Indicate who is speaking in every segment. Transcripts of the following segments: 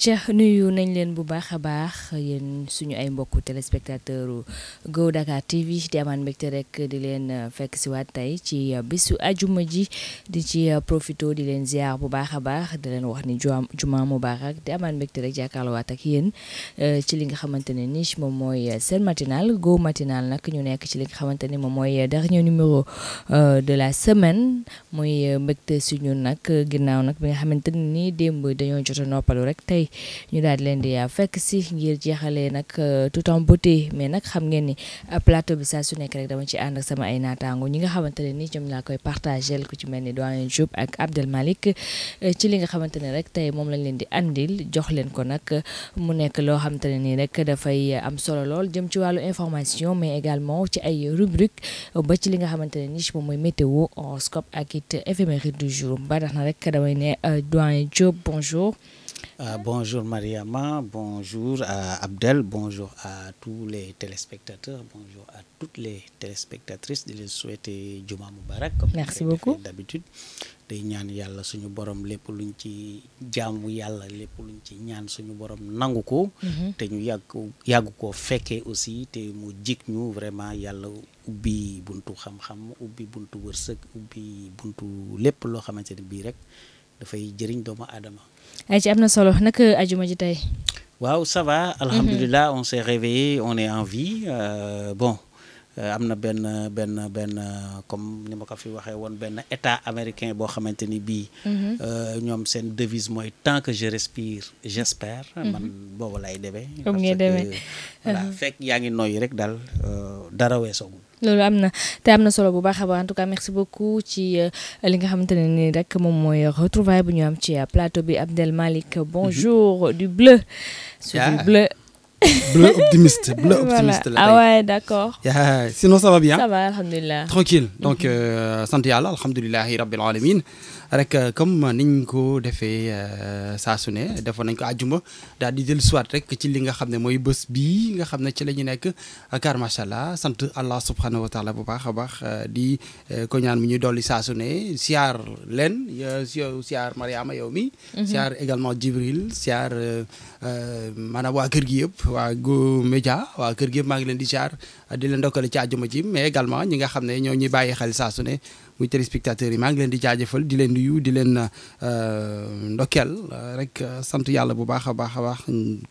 Speaker 1: Aïcha nuyu nañ leen bu baaxa baax yéen suñu ay mbokku téléspectateur Go Dakar TV di amaan mbégte rek di leen euh, fekk si waat tey ci euh, bisu ajuma ji di ci euh, profito di leen ziar bu baaxa baax di leen wax ni juma mubarak di amaan mbégte rek jàkkaarloo waat ak yéen ci li nga xamante ne ni moom mooy seen matinal Go matinal nak ñu nekk ci li nga xamante ni moom mooy dernier numéro de la semaine muy mbégte suñu nak ginnaaw nak bi nga xamante ni démb dañoo jot noppalu rek tey ñu daal di leen di euh, fekk si ngir jeexalee nag euh, tout en beauté mais nag xam ngeen ni euh, plateau bi saa su nekk rek dama ci ànd ak sama ay naataango ñi nga xamante ne ni ñoom laa koy partagel ko ci mel ni doyen Diop ak Abdel Malik ci li nga xamante ne rek tey moom lañ leen di andil jox leen ko nag mu nekk loo xamante ne nii rek dafay am solo lool jëm ci wàllu information mais également ci ay rubrique ba ci li nga xamante ne ni moom mooy météo horoscope ak it éphéméride du jour ba na rek damay ne doyen Diop bonjour. Euh,
Speaker 2: bonjour Mariama, bonjour à euh, Abdel, bonjour à tous les téléspectateurs, bonjour à toutes les téléspectatrices. Je les souhaite Juma Moubarak.
Speaker 1: Comme Merci beaucoup.
Speaker 2: D'habitude, day ñaan yalla suñu borom lepp luñ ci jaamu yalla lepp luñ ci ñaan suñu borom nanguko. ko. Mhm. te ñu yag yàgg koo fekkee aussi té mu jik ñu vraiment yalla ubi buntu xam-xam ubi buntu wërsëg ubi buntu lepp lo xamanteni bi rek dafay jëriñ doomu aadama.
Speaker 1: ay ci am na solo nak ajuma ji tey.
Speaker 2: waaw ça va. Mhm. alhamdulilah on s'est réveillé on est en vie euh, bon. Euh, am na benn benn benn comme ni ma ko fi waxee woon benn état américain boo xamante ni bii. Mhm. Euh, ñoom seen devise mooy tant que je respire j'espère. Mhm. man boobu lay demee. comme ngay demee voilà fekk yaa ngi noyyi rek daal euh, dara weesoo
Speaker 1: loolu am na te am na solo bu baax a en tout cas merci beaucoup ci euh, li nga xamante ne ni rek moom mooy retrouvaille bu ñu am ci euh, plateau bi Abdel Malik. Mhm. bonjour du bleu. c'est du bleu. bleu
Speaker 3: optimiste bleu optimiste ah
Speaker 1: ouais d'accord.
Speaker 3: sinon ça va bien ça
Speaker 1: va alhamdulilah.
Speaker 3: tranquille donc mhm. euh, santé à Allah. Alhamdulillah, rabbil alamin rek euh, comme niñ ko defee euh, saa su defo defoon nañ ko aljuma dal di jël soit rek ci li nga xamné moy bëss bi nga xamné ci lañu nekk allah allah subhanahu wa taala bu baakha euh, di ko ñaan mi ñu doli sa suné siar len leen mariama yow mi siar mhm. également jibril euh mana wa kër gi yëpp wa go média wa kër gi yëpp ngi len di siar di len dokkal ci aljuma ji mais également ñi nga xamné ñoo ñi bayyi xel sa suné muy téléspectateurs yi maa ngi leen di jaajëfal di leen nuyu di leen euh, ndokkeel euh, rek euh, sant yàlla bu baax a baax a baax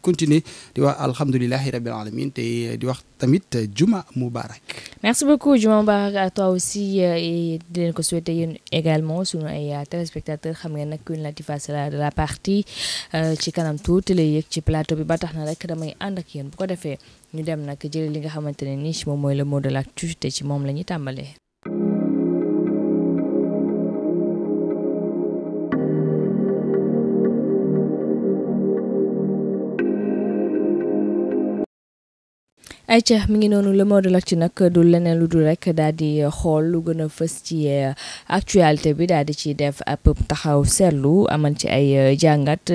Speaker 3: continuer di wax alhamdulilahi rabbil alamin te di wax tamit juma mubarak
Speaker 1: merci beaucoup juma mubarak à toi aussi et di leen ko souhaiter yéen également sunu ay téléspectateurs xam ngeen nag Queen Latifah c'est la de la partie ci kanam tuuti lay yëg ci plateau bi ba tax na rek damay ànd ak yéen bu ko defee ñu dem nag jëlee li nga xamante ne ni moom mooy le mot de l'actu te ci moom la ñuy tàmbalee. ay ayca mi ngi noonu le mot de ci nag du leneen lu dul rek daal di xool lu gën a fës ci eh, actualité bi daal di ci def ab taxaw seetlu amal ci ay eh, jàngat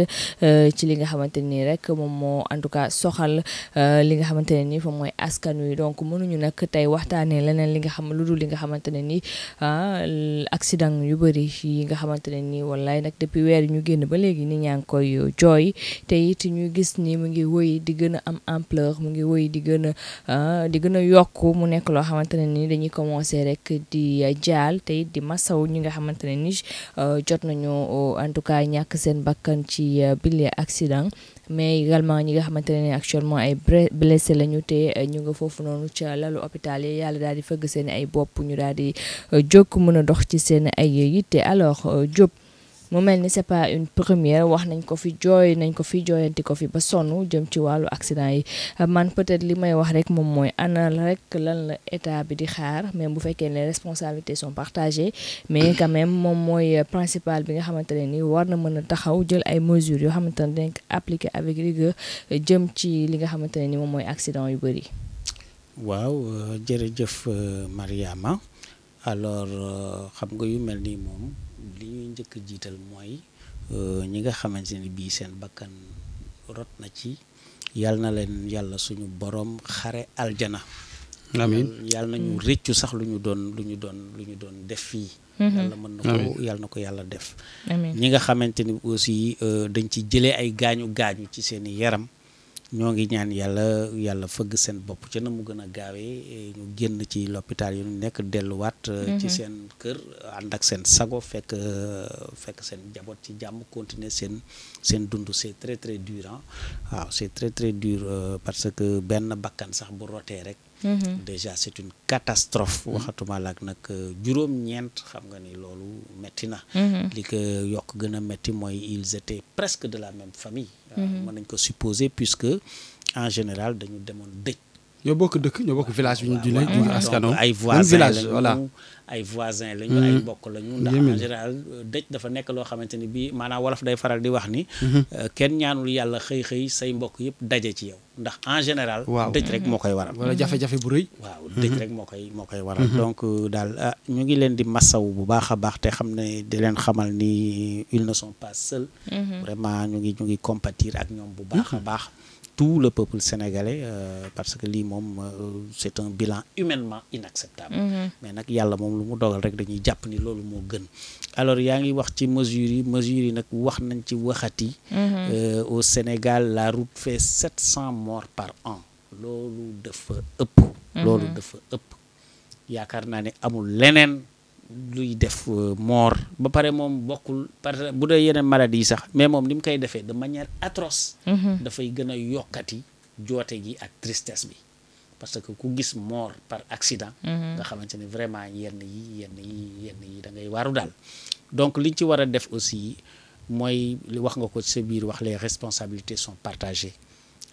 Speaker 1: eh, ci li nga xamante ni rek moom moo en tout cas soxal li nga xamante ne ni fa mooy askan wi donc mënuñu nag tey waxtaanee leneen li nga xam lu dul li nga xamante ne ni ah, accident yu bëri yi nga xamante ne ni wallaay nag depuis weer yi ñu génn ba léegi ni ñaa ngi koy jooy te it ñu gis nii mu ngi woy di gën a am ampleur mu ngi woy di gën a Ah, di gën a yokk mu nekk loo xamante ne ni dañuy commencé rek di jaal te it di masaw ñi nga xamante ne ni euh, jot nañu euh, en tout cas ñàkk seen bakkan ci euh, bile accident mais également ñi nga xamante ne actuellement ay blessé lañu te ñu nga foofu noonu ca lalu hôpital yi yàlla daal di fëgg seen ay bopp ñu daal di jóg mën a dox ci seen ay yitte alors Diop mu mel ni pas une première wax nañ ko fi jooy nañ ko fi jooyanti ko fi ba sonu jëm ci accident peut-être li may wax rek ana rek lan la état bi di xaar mais bu les responsabilités sont partagées mais quand même moom mooy principal bi nga ni war na taxaw jël ay mesures appliquer avec rigueur jëm ci li nga ni accident yu bëri.
Speaker 2: waaw jërëjëf euh, Mariama alors euh, xam nga li ñuy njëkk jiital mooy euh, ñi nga xamante ni bii seen bakkan rot na ci yàlla na leen yàlla suñu boroom xare aljana amiin yàlla nañu mm. rëccu sax lu ñu doon lu ñu doon lu ñu doon def fii mm-hmm. yàlla mën na ko yàlla def ñi nga xamante ni aussi euh, dañ ci jële ay gaañu gaañu ci seen i yaram ñoo ngi ñaan yàlla yàlla fëgg seen bopp ci na mu gën a gaawee eh, ñu génn ci l'hôpital yi ñu nekk delluwaat. Eh, ci mhm. seen kër ànd ak seen sago fekk eh, fekk seen njaboot ci jàmm continuer seen seen dund c'est très très durant ah waaw c'est très très dur euh, parce que benn bakkan sax bu rotee rek. Mhm. déjà c'est une catastrophe mhm. waxatuma lak nak euh, juróom ñent xam nga ni lolu metti na mhm. li que yok gëna metti moy ils étaient presque de la même famille euh, mën nañ ko supposer puisque en général dañu démon dëj ñoo bokk dëkk ñoo bokk village bi ñu di lay ñu askanoo ay voisins lañu voilà ay voisins lañu ay hmm. mbokk lañu ndax en général dëj dafa nekk loo xamante ni bii maanaam wolof day faral di wax ni hmm. euh, kenn ñaanul yàlla xëy-xëy say mbokk yëpp daje ci yow ndax en général dëj rek moo koy waral wala jafe-jafe bu rëy waaw dëj hmm. rek moo koy moo koy waral donc euh, daal ah, ñu ngi leen di massaw bu baax a baax te xam ne di leen xamal ni ils ne sont pas seuls vraiment ñu ngi ñu ngi compatir ak ñoom bu baax a baax tout le peuple sénégalais euh, parce que euh, c'est un bilan humainement inacceptable mhm. mais nak y a lu mu dogal rek dañuy japp ni lolu mo gën alors ya ngi wax ci mesure, yi mesures yi nag wax nañ ci waxati mhm. euh, au Sénégal la route fait 700 morts par an lolu dafa ëpp mhm. lolu dafa ëpp yaakaar a amul leneen luy def euh, moor ba pare moom bokkul par bu dee yeneen maladie sax mais moom ni mu koy defee de manière atroce mm-hmm. dafay gën a yokkati joote gi ak tristesse bi parce que ku gis moor par accident mm-hmm. nga xamante ne vraiment yenn yi yenn yi yenn yi da ngay waaru daal donc li ci war a def aussi mooy li wax nga ko sa biir wax les responsabilités sont partagées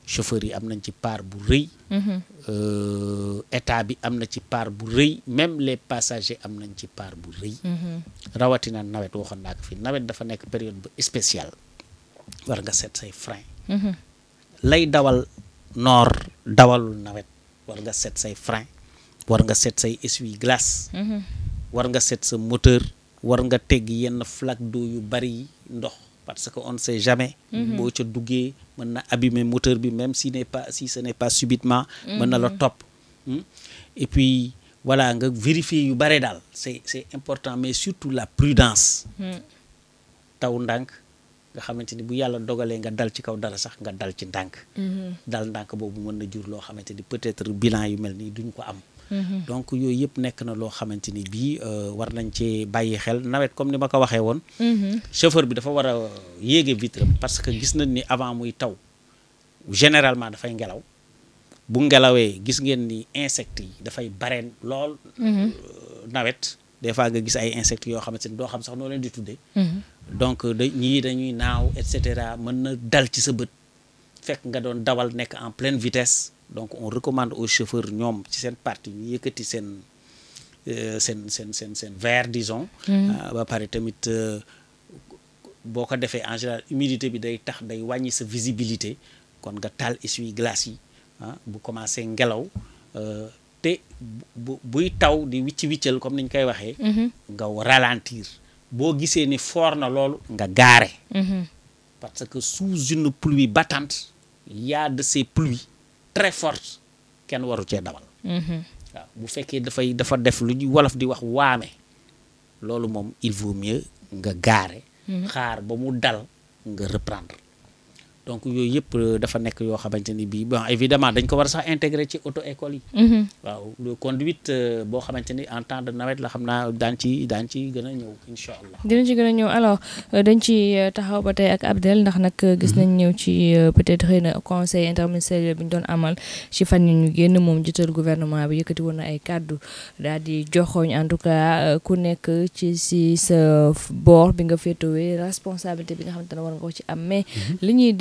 Speaker 2: chauffeurs yi am nañ ci part bu rëy. Mhm. Euh, état bi am na ci part bu rëy même les passagers am nañ ci part bu rëy. Mhm. rawatina nawet waxoon naa ko fii nawet dafa nekk période bu spéciale war nga seet say frein. Mhm. lay dawal noor dawalul nawet war nga seet say frein war nga seet say essuie-glace. war nga seet sa moteur war nga tegg yenn flaque d'eau yu bari yi ndox. parce qu'on ne sait jamais. Mhm. bo ca duggee mën na abîmer moteur bi même si n'est pas si ce n'est pas subitement. mën na la mhm. top. Hmm? et puis voilà nga vérifier yu bare dal c'est c'est important mais surtout la prudence. Hmm. taw ndank nga xamanteni bu yalla dogalé nga dal ci kaw dara sax nga dal ci ndank mhm. dal ndank bobu mën na jur loo xamante peut-être bilan yu melni duñ ko am. Mm-hmm. donc yooyu yëpp nekk na loo xamante ni bii euh, war nañ ci bàyyi xel nawet comme ni ma ko waxee woon mm-hmm. chauffeur bi dafa war a euh, yéege vitre parce que gis nañ ni avant muy taw généralement dafay ngelaw bu ngelawee gis ngeen ni insectes yi dafay bareen lool mm-hmm. euh, nawet des fois nga gis ay insectes yoo xamante ni doo xam sax noo leen di tuddee donc da ñii dañuy naaw et mën na dal ci sa bët fekk nga doon dawal nekk en pleine vitesse donc on recommande aux chauffeurs de ci sen partie ñu yëkkati sen euh, verre disons hmm. euh, ba tamit euh, en général humidité bi day sa visibilité kon nga tal essuie-glace yi ah, bu commencé ngelaw taw di comme niñ mm-hmm. nga ralentir bo ni fort na nga mm-hmm. parce que sous une pluie battante il y a de ces pluies très forte kenn waru cee dawal. Mm-hmm. waaw bu fekkee dafay dafa def lu ñu wolof di wax waame loolu moom il vaut mieux nga gaare. Mm-hmm. xaar ba mu dal nga reprendre. donc yooyu yëpp euh, dafa nekk yoo xamante ni bii bon évidemment dañ ko war a sax intégré ci auto école yi mhm. waaw le conduite euh, boo xamante ni en temps de nawet la xam naa daan ci daan ci gën a ñëw incha
Speaker 4: allah
Speaker 1: dina ci gën a ñëw alors euh, dañ ci taxaw ba tey ak Abdel ndax nag gis mhm. nañ ñëw ci peut na conseil interministériel bi ñu doon amal ci fan yi ñu génn moom jital gouvernement bi yëkkati woon na ay kàddu daal di joxooñ en tout cas ku nekk ci si sa boor bi nga féetowee responsabilité bi nga xamante ne war nga ko ci am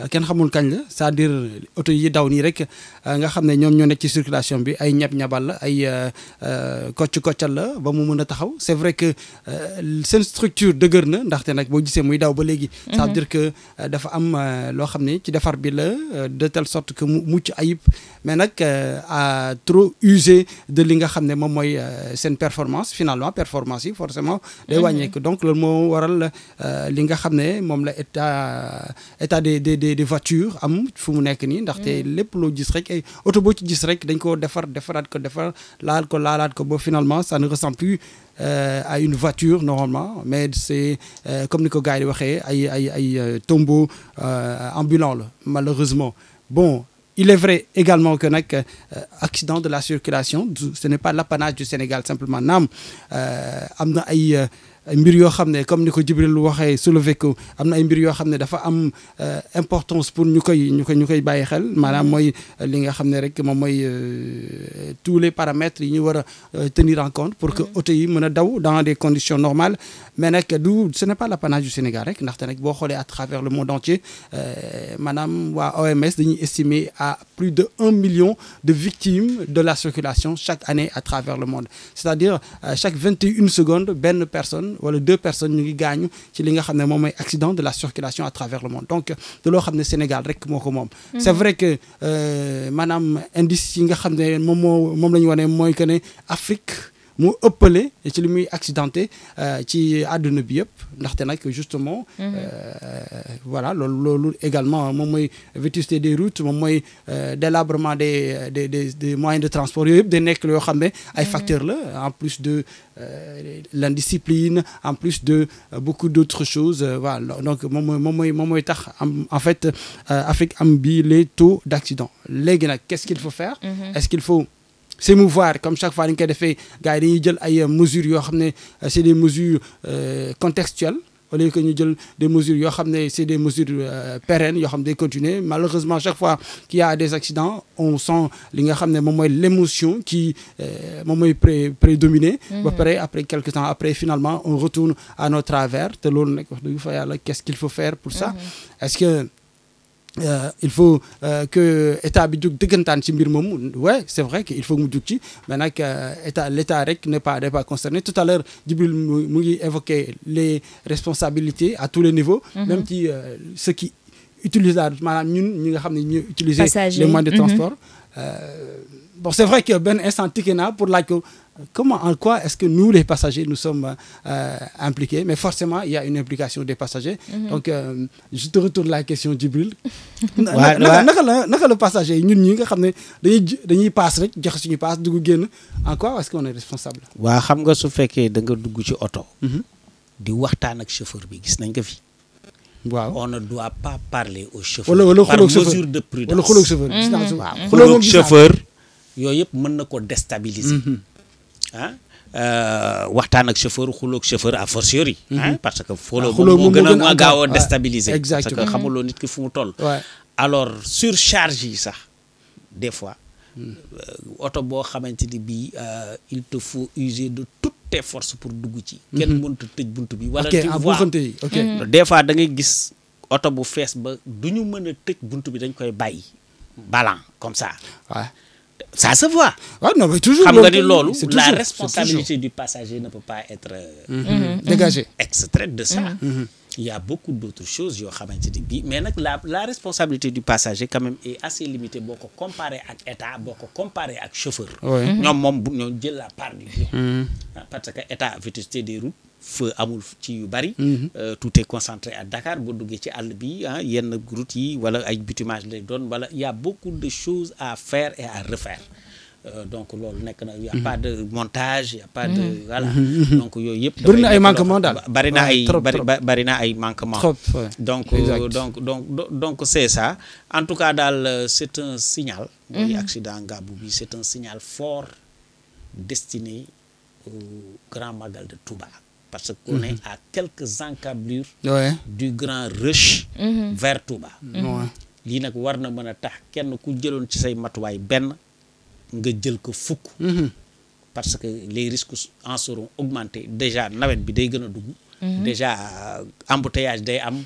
Speaker 3: Euh, kenn xamul kañ la c'est-à-dire oto yi daw nii rek euh, nga xam ne ñoom ñoo nekk ci circulation bi ay ñab-ñabal la ay euh, kocc-koccal la ba mu mën a taxaw c'est vrai que seen structure dëgër na ndaxte nag boo gisee muy daw ba léegi ça mhm. veut dire que dafa am loo xam ne ci defar bi la de telle sorte que mu mucc ayib mais nag à trop user de li nga xam ne moom mooy seen performance finalement performance yi forcément day mhm. wàññeeku donc loolu moo waral li nga xam ne moom la état état des des des voitures am fu mu nekk nii ndaxte mm. lepp lo gis rek ay oto ci gis rek dañ ko defar defaraat ko defar laal ko laalat ko finalement ça ne ressemble plus Euh, à une voiture normalement mais c'est euh, comme ni ko gars di waxee ay ay ay euh, tombeau euh, ambulant là, malheureusement bon il est vrai également que nag accident de la circulation ce n'est pas l'apanage du Sénégal simplement Nam, euh, na ay mbir comme ni ko Jibril waxee soulevé ko am ay euh, importance pour nous koy ñu xel li nga rek euh, tous les paramètres yi ñu euh, tenir en compte pour que mm-hmm. oto yi mën dans des conditions normales mais du ce n'est pas l'apanage du Sénégal rek ndaxte nag à travers le monde entier maanaam waa OMS dañuy à plus de 1 million de victimes de la circulation chaque année à travers le monde c'est-à-dire chaque 21 une secondes benn personne personne wala deux personnes ñu ngi gaañu ci li nga xam accident de la circulation à travers le monde donc de loo xam Sénégal rek moko mom mm-hmm. c'est vrai que euh, madame indice yi nga xamné mom mom lañu wone moy que né Afrique appelé ëppale ci li muy accidenté euh, ci àdduna bi yëpp ndaxte nag justement mhm. euh, voilà loolu loolu également moom mooy vétusté des routes moom mooy euh, délabrement des des des des moyens de transport yooyu yëpp day nekk yoo xam ne ay mhm. facteurs la en plus de l'indiscipline en plus de beaucoup d'autres choses voilà donc moom mooy moom mooy moom tax en fait Afrique am bi les taux d'accident léegi nag qu'est-ce qu'il faut faire mhm. est-ce qu'il faut s'émouvoir comme chaque fois qu'il y fait gars euh, mesures euh, des mesures euh, contextuelles au lieu que des mesures des mesures pérennes malheureusement chaque fois qu'il y a des accidents on sent l'émotion qui moment prédominée mhm. pré après quelques temps après finalement on retourne à notre travers qu'est-ce qu'il faut faire pour ça mhm. est-ce que euh, il faut euh, que l'État ait jug dëggantaan ci se moomu ouais c'est vrai qu'il faut que l'État ait mais nag euh, état se rek l'État pas pas concerné tout à l'heure Dibul mu évoqué évoquer les responsabilités à tous les niveaux mhm. même si ceux qui utilisent le ñun ñi nga utiliser les moyens de mhm. transport bon c'est vrai que un instant ticket naa pour que comment, en quoi est-ce que nous, les passagers, nous sommes euh, impliqués Mais forcément, il y a une implication des passagers. Mhm. Donc, euh, je te retourne la question d'Ibril. le passager, nous, nous, nous, passe, nous passe, en quoi est-ce qu'on est responsable
Speaker 2: Oui, je sais que si tu es auto, di waxtaan ak chauffeur bi gis nañ ko fi. waaw on ne doit pas parler au chauffeur. chauffeur par mesure de prudence. wala chauffeur. Mhm. waaw xooloo chauffeur. mën déstabiliser. Mhm. ah waxtaan ak chauffeur xuloog chauffeur à fortiori mhm. parce que xuloo ah, moo gën a moo gaawoo a ah, déstabiliser parce que xamuloo nit ki fu mu toll alors surcharge yi sax des fois hmm. euh, oto boo xamante ni bii euh, il te faut user de toutes tes forces pour dugg ci mhm. kenn mënut tëj bunt bi wala tu vois hmm. des fois da ngay gis oto bu fees ba du ñu mën a tëj bunt bi dañ koy bàyyi balan comme ça ça se voit. Ah
Speaker 5: non, mais toujours. Xam nga ni loolu
Speaker 2: la responsabilité du passager ne peut pas être. Euh, mhm. mhm. mhm. dégagée. extraite de ça. il y a beaucoup d'autres choses yoo xamante ni bii mais nag la la responsabilité du passager quand même est assez limitée boo ko comparé ak état boo comparé ak chauffeur. ñoom moom bu ñoo jël la part du. Ah, parce que état vétusté des routes feu amul ci yu bari. Mhm. Euh, tout est concentré à Dakar boo duggee ci all bi ah yenn route yi wala ay bitumage lay don wala il y a beaucoup de choses à faire et à refaire. euh, donc loolu nek na il mhm. y' a pas de montage il y' a pas de. voilà mhm. donc yooyu yëpp. bëri na ay manquement dal bëri na ay bëri na ay manquement.
Speaker 4: donc donc
Speaker 2: donc donc c'est ça en tout cas dal euh, c'est un signal. muy accident ngàbbu bi c' un signal fort destiné au grand magal de Touba parce qu'on est mhm. à quelques encablures du grand rush mm -hmm. vers Touba mhm. lii nag war na mën a tax kenn ku jëloon ci say matuwaay ben, nga jël ko fukk mhm. parce que les risques en seront augmentés déjà nawet bi day plus dugg déjà embouteillage day am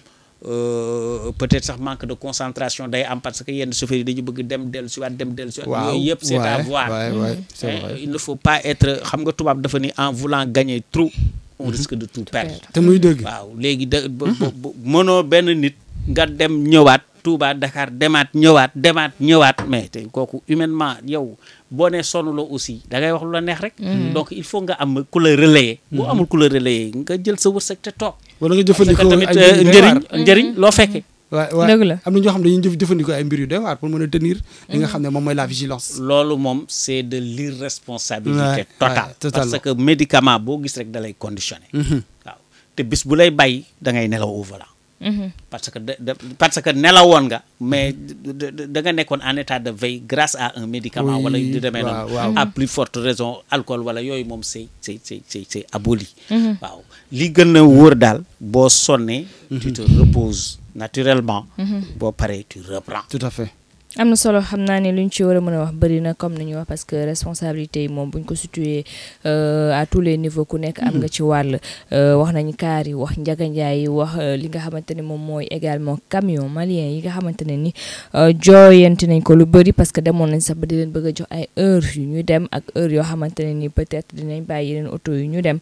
Speaker 2: Euh, peut-être un manque de concentration day am parce que yenn chauffeurs yi dañu bëgg dem dellu si waat dem dellu si waat. waaw c'est à hein? il ne faut pas être xam nga tubaab dafa ni en voulant gagner trop. on risque de tout perdre. te muy dëgg waaw léegi da mhm. mënoo benn nit nga dem ñëwaat. Touba Dakar demaat ñëwaat demaat ñëwaat mais te kooku humainement yow boo nee sonaloo aussi da ngay wax la neex rek. Mhm. donc il faut nga am ku la relayer. bu mhm. amul ku la relayer nga jël sa wërsëg te toog. wala nga jëfandikoo a euh, njëriñ loo
Speaker 3: fekkee. waaw la am na ñoo xam ne dañuy jëfandikoo ay mbir yu pour mën a tenir. li nga mhm. la vigilance. loolu moom c' de l'irresponsabilité totale parce
Speaker 2: que médicament bo gis rek da lay conditionné. Mhm. waaw te bis bu lay bay da ngay nelaw au volant. Mhm. parce que parce que nelawoon nga mais da nga nekkoon en état de veille grâce à un médicament wala du demee non à plus forte raison alcool wala yoy mom c'est c'est c'est c'est c'est aboli waaw li gëna wër dal bo sonné tu te reposes naturellement. Mm-hmm. bon pareil, tu reprends. tout à fait.
Speaker 1: am na solo xam naa ne lu ñu ci war a mën a wax bëri na comme ni ñu wax parce que responsabilité yi moom bu ñu ko situé euh, à tous les niveaux ku nekk am nga mm-hmm. ci wàll euh, wax nañu kaar yi wax njaganjaay yi wax euh, li nga xamante ne moom mooy également camion malien yi nga xamante ne ni jooyanti nañ ko lu bëri parce que demoon nañ sax ba di leen bëgg jox ay heure yu ñu dem ak heure yoo xamante ne ni peut-être dinañ bàyyi yeneen auto yu ñu dem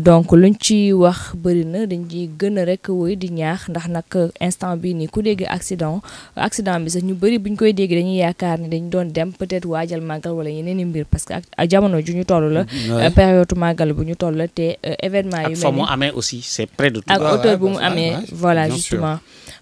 Speaker 1: donc luñ ci wax bëri na dañ ciy gën rek woy di ñaax ndax nag instant bi nii ku dégg accident accident bi sax ñu bëri buñ ko koy dégg dañu yaakaar ne dañu doon dem peut-être waajal màggal wala yeneen i mbir parce que ak jamono ju ñu toll la. Mm-hmm. Euh, période màggal bu ñu toll la te euh, événement yu mel ak fa mu
Speaker 2: amee aussi c'est près ak bu mu amee voilà justement.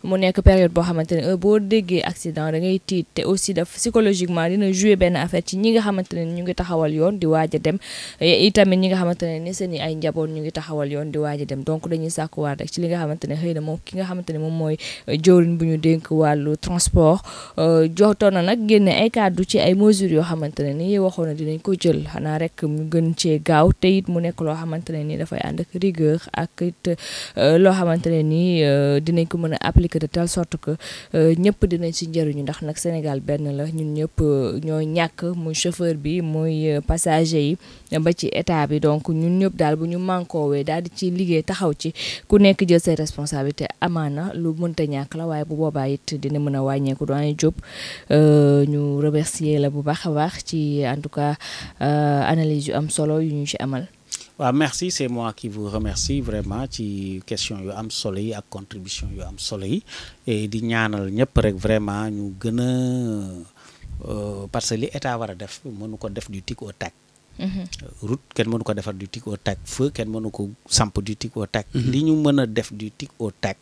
Speaker 1: mu nekk période boo xamante ne boo déggee accident da tiit te aussi daf psychologiquement dina jouer benn affaire ci ñi nga xamante ne ñu ngi taxawal yoon di waaj a dem itamit ñi nga xamante ne ni seen i ay njaboot ñu ngi taxawal yoon di waaj a dem donc dañuy sàkkuwaat rek ci li nga xamante ne xëy na moom ki nga xamante ne moom mooy euh, jëwriñ bu ñu dénk wàllu transport euh, jotoon na nag génne ay kàddu ci ay mesures yoo xamante ne ni waxoon na dinañ ko jël xanaa rek mu gën cee gaaw te it mu nekk loo xamante ne ni dafay ànd ak rigueur ak it euh, loo xamante ne ni dinañ ko mën a appliquer que de telle sorte que euh, ñëpp dinañ ci njëriñu ndax nag Sénégal benn la ñun ñëpp euh, ñoo ñàkk muy chauffeur bi muy euh, passager yi ba ci état bi donc ñun ñëpp daal bu ñu mànkoowee daal di ci liggéey taxaw ci ku nekk jël say responsabilité amaana lu mënta ñàkk la waaye bu boobaa it dina mën a wàññeeku doyen Diop ñu remercier la bu baax a baax ci en tout cas analyse yu am solo yu ñu ci amal
Speaker 2: waaw merci c'est moi qui vous remercie vraiment ci question yu am solo yi ak contribution yu am solo yi et di ñaanal ñep rek vraiment ñu gëna euh, parce que li état war def mënu ko def du tic au tac mhm. euh, route kenn mënu ko défar du tic au tac feu kenn mënu ko samp du tic au tac mhm. li ñu mëna faire def du tic au tac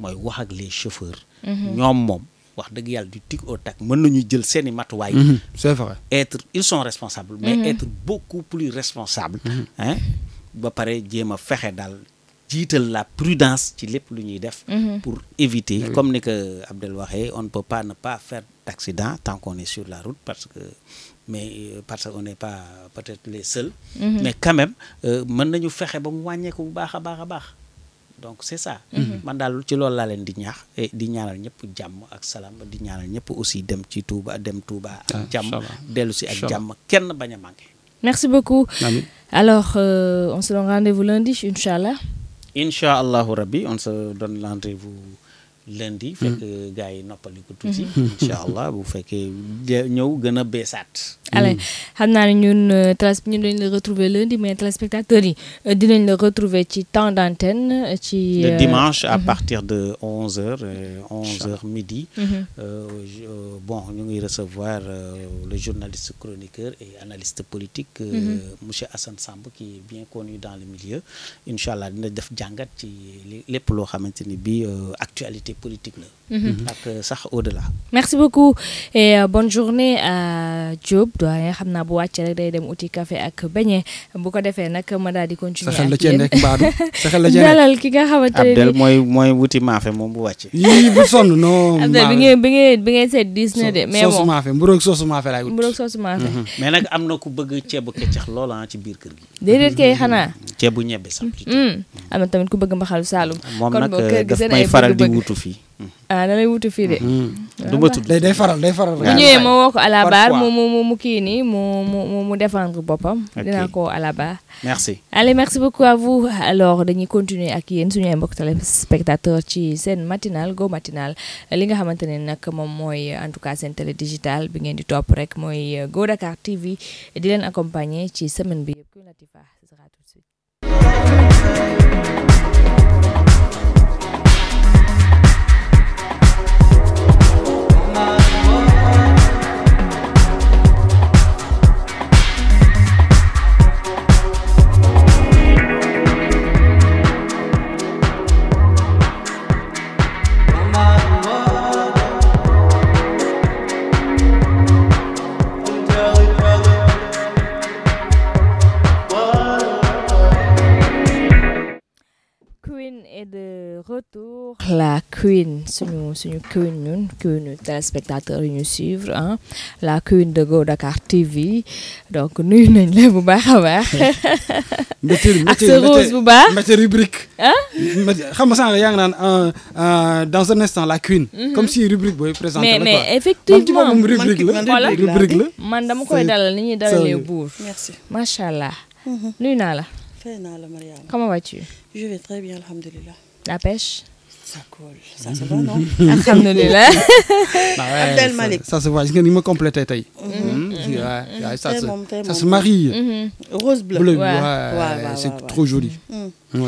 Speaker 2: moy wax ak les chauffeurs mhm. ñom mom wax du au mhm, être ils sont responsables. mais mhm. être beaucoup plus responsables. Mhm. hein ba paré la prudence ci pour éviter comme ni que Abdel Wahé on ne peut pas ne pas faire d'accident tant qu'on est sur la route parce que mais euh, parce qu'on n'est pas peut-être les seuls mais quand même meun nañu faire ba mu ko bu baaxa donc c'est ça. Mm-hmm. man daal ci loolu laa leen di ñaax eh, di ñaanal ñëpp jàmm ak salaam di ñaanal ñëpp aussi dem ci Touba dem Touba. ak ah, jàmm dellu si ak jàmm kenn bañ a manqué.
Speaker 1: merci beaucoup. Amin. alors euh, on se donne rendez-vous lundi incha allah.
Speaker 2: incha allahu rabbi on se donne rendez-vous. lundi fekk mm. gars yi noppaliku tuuti. Mm-hmm. incha allah bu fekkee ñëw gën a beesaat.
Speaker 1: Mm. allez xam naa ne ñun euh, trans ñun dañ la retrouver lundi mais téléspectateurs yi euh, dinañ le retrouver ci temps d'antenne, euh, ci. le dimanche
Speaker 2: à mm-hmm. partir de 11 heures 11 heures midi. Mm-hmm. bon ñu ngi recevoir le journaliste chroniqueur et analyste politique. monsieur Hassan Samb qui est bien connu dans le milieu incha allah dina def jàngat ci lépp loo xamante bi actualité. politique la Mhm. ak euh, sax au-delà.
Speaker 1: merci beaucoup et euh, bonne journée à Diop doyen xam naa bu wàccee rek day dem uti kafe ak beignet bu ko defee nag ma daal di continuer. saxal la cee la ki nga xamante ne Abdel mooy
Speaker 2: mooy wuti maafe moom bu wàccee. yii bu sonn non. bi ngay
Speaker 1: bi ngay bi ngay mais bon soosu maafe mburoog
Speaker 2: soosu maafe laay wut. mburoog soosu maafe. Mhm. mais nag am na ku bëgg ceebu keccax loola ah, ci biir
Speaker 1: kër gi. déedéet kay xanaa. Mhm.
Speaker 2: ceebu ñebe sax.
Speaker 1: Mm-hmm. am na tamit ku bëgg mbaxalu Saloum. kon boo euh, kër gi seen ay faral di wutu fii ah da fii de. Mhm. du ma tudd day faral day faral. bu ñëwee ma woo ko à la mu mu kii nii mu mu défendre boppam. dinaa ko à la barre. merci allez merci beaucoup à vous alors dañuy continuer ak yéen suñu ay mbokk téléspectateur ci seen matinal go matinal li nga xamante ne nag moom mooy en tout cas seen télé digital bi ngeen di topp rek mooy euh, Go Dakar TV di leen accompagner ci semaine bi yëpp. Latifa ce sera de retour. La queen c'est nous, queen une queen téléspectateurs nous nous suivre hein la queen de Go TV donc nous, nañ nous, bu nous, baax. c'est vous rubrique. nous, hein? xam nga
Speaker 3: euh, euh, dans un instant la queen. Mm-hmm. comme si rubrique vous présentez mais mais effectivement
Speaker 1: rubrique rubrique la man dama koy nous, ni nous, merci nous, c'est nous, comment vas-tu?
Speaker 5: Je vais très bien, alhamdulillah.
Speaker 1: La pêche ça
Speaker 5: colle. Ça se voit, non Alhamdulillah. bah ça, se voit. Je me
Speaker 3: complète. Ça se marie. Mm-hmm. Rose bleue. c'est trop joli. Mm. Comme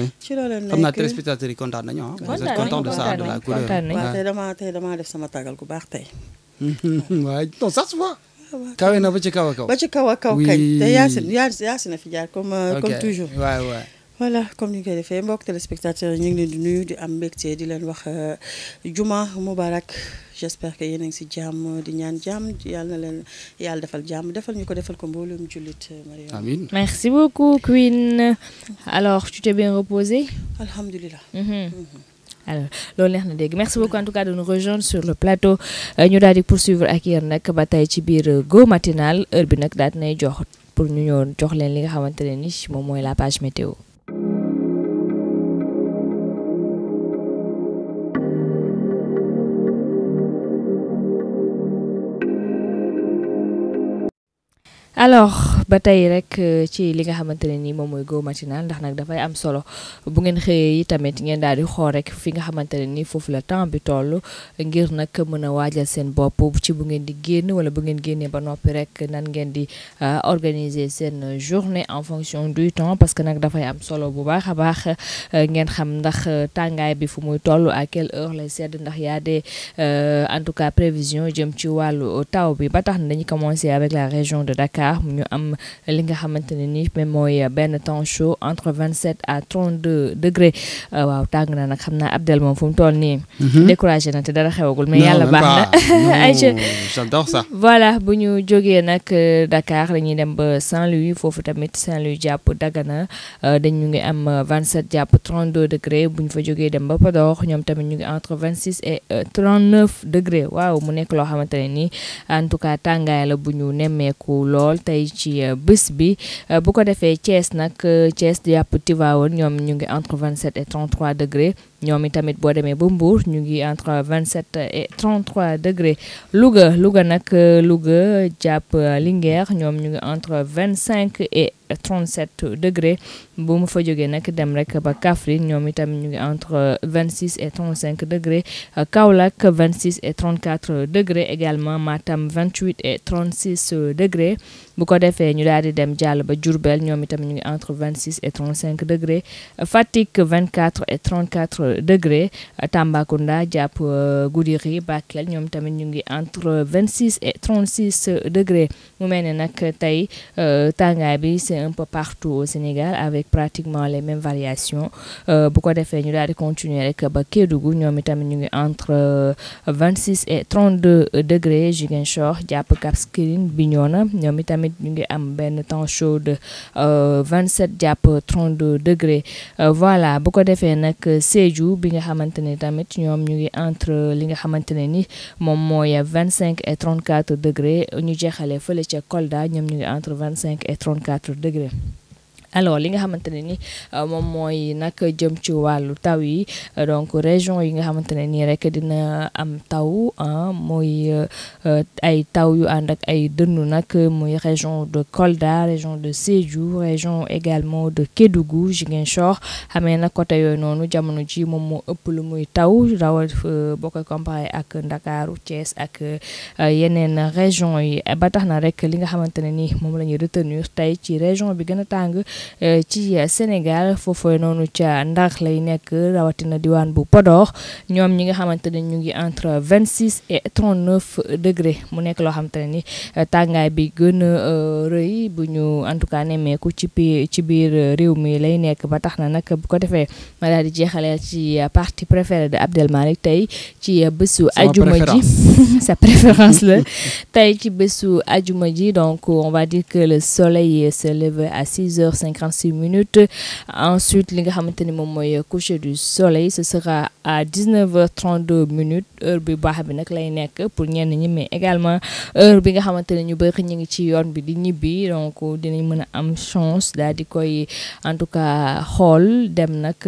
Speaker 3: notre hein? téléspectateur est hein. content.
Speaker 5: Vous êtes content de ça, de la couleur.
Speaker 3: Ouais. Non, ça se voit. Kawe na bache kawa kawa. Bache kawa kawa kawa. Yassine,
Speaker 5: Yassine, comme toujours. Ouais, ouais voilà comme nous l'avons fait, defee téléspectateurs yi ngi leen di nuyu di am mbégte di leen wax euh, juma mubarak j'espère que yéen a ngi si jàmm di ñaan jamm yalla na leen yàlla defal jamm defal ñuko defal ko mbolum jullit euh, Mariam.
Speaker 1: amin merci beaucoup Queen alors tu t'es bien reposée. alhamdulilah. Mhm. Mhm. alors loolu neex dégg merci beaucoup en tout cas de nous rejoindre sur le plateau euh, ñu allons poursuivre avec yéen la ba tey Go Matinal heure bi pour ñu jox li nga ne la page météo. alors ba tey rek euh, ci li nga xamante ni moom mooy go matinal ndax nag dafay am solo bu ngeen xëyee yi tamit ngeen daal di xool rek fi nga ni foofu la temps bi toll ngir nag mën a waajal seen bopp ci bu ngeen di génn wala bu ngeen génnee ba noppi rek nan ngeen di euh, organiser seen journée en fonction du temps parce que nag dafay am solo bu baax a baax euh, ngeen xam ndax tàngaay bi fu muy toll à quelle heure lay sedd ndax yaa dee en tout cas prévision jëm ci wàllu taw bi ba tax na dañu commencé avec la région de Dakar. Dakar ñu am li nga xamante ne ni mais mooy benn temps chaud entre vingt sept à trente deux degré euh, waaw tàng na nag xam naa Abdel moom fu mu toll nii. Mhm. découragé na te dara xewagul. mais yàlla baax na ayca j'adore ça voilà bu ñu jógee nag euh, Dakar dañuy dem ba Saint-Louis foofu tamit Saint-Louis jàpp Dagana euh, dañu ngi am vingt sept jàpp trente deux degré bu ñu fa jógee dem ba Podor ñoom tamit ñu ngi entre vingt six et trente neuf degré waaw mu nekk loo xamante ne nii en tout cas tàngaay la bu ñu nemmeeku lool. lool tey ci euh, bi euh, bu ko defee Thiès nag euh, Thiès ñu ngi entre 27 et 33 degrés, ñoom itamit boo demee ba ñu ngi entre 27 et 33 degrés, Louga Louga nag Louga jàpp lingère ñoom ñu ngi entre 25 et 37 degrés, bu mu fa jógee nag dem rek ba ñu ngi entre 26 et 35 degrés, Kaolack 26 et 34 degrés également Matam 28 et 36 degrés. Nous de fait ñu daal nous dem entre 26 et 35 degrés. Fatigue, 24 et 34 degrés. Tambacounda tambaconda euh, Goudiri Bakel nous entre 26 et 36 degrés. Nous sommes que nag Tangabi, euh, c'est un peu partout au Sénégal avec pratiquement les mêmes variations Nous de fait ñu continuer avec Kédougou nous entre 26 euh, et 32 degrés. Jigenshor, jàpp Cap Bignona nous nous avons un temps chaud de 27 à 32 degrés. Euh, voilà beaucoup de defee ces euh, jours, bi nga nous entre 25 et 34 degrés. Nous avons un temps entre 25 et 34 degrés. alors li nga xamante ne ni euh, moom mooy nag jëm ci wàllu taw yi donc région yi nga xamante ne nii rek dina am taw mooy euh, euh, ay taw yu ànd ak ay dënnu nag muy région de Kolda région de Sédhiou région également de Kédougou chor xamee nag côté yooyu noonu jamono ji moom moo ëpp lu muy taw rawat boo koy comparé ak Ndakaaru Thiès ak yeneen région yi ba tax na rek li nga xamante ne ni moom la ñuy retenir tey ci région bi gën a tàng Eh, ci eh, Sénégal foofee noonu ca ndax lay nekk rawatina diwaan bu Podor ñoom ñi nga xamante ne ñu ngi entre vingt six et trente neuf degré mu nekk loo xamante ne ni eh, tàngaay bi gën a rëy bu ñu en tout cas nemmeeku ci biir ci biir réew mii lay nekk ba tax na nag bu ko defee ma daal di jeexalee ci parti préféré de Abdel Malick tey ci bésu ajuma ji sa préférence la tey ci bésu ajuma ji donc on va dire que le soleil se lève à six heures 56 minutes. Ensuite, li nga ni moom coucher du soleil ce sera à 19h32 minutes heure bi baax bi nag lay nekk pour ñenn mais également heure bi nga xamante ñu bëri ñu ci yoon bi di donc dinañ a am chance daal di koy en tout cas hall dem nak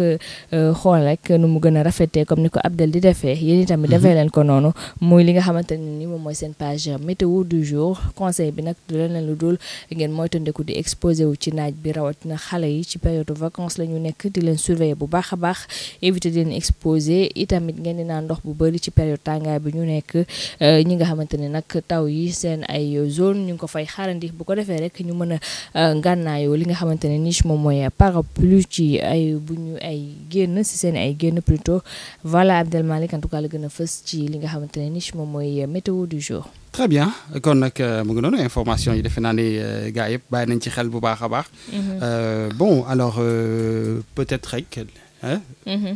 Speaker 1: hall euh, rek nu mu gëna rafété comme ni ko Abdel di défé yéni itamit mhm. défé len ko noonu moy li nga xamanteni ni mom moy sen page météo du jour conseil bi nak du len lu dul ngeen ko di exposer wu ci naaj bi raw na xale yi ci période vacance la ñu nekk di leen surveiller bu baax a baax éviter di exposé exposer itamit ngeen di ndox bu bëri ci période tàngaay bi ñu nekk euh, ñi nga xamante ne nag taw yi seen ay zone ñu ngi ko fay xaarandi bu ko defee rek ñu mën a euh, ngànnaayoo li nga xamante ne niche moom mooy parapluie ci ay bu ñu ay génn si seen ay génn plutôt voilà Abdel Malick en tout la gën a fës ci li nga xamante ne niche moom mooy météo du jour très bien
Speaker 3: kon nag euh, mu ngi noonu information yi defe naa ne euh, gars yëpp nañ ci xel bu baax a baax. Mhm. Euh, bon alors peut-être rek. hein mhm.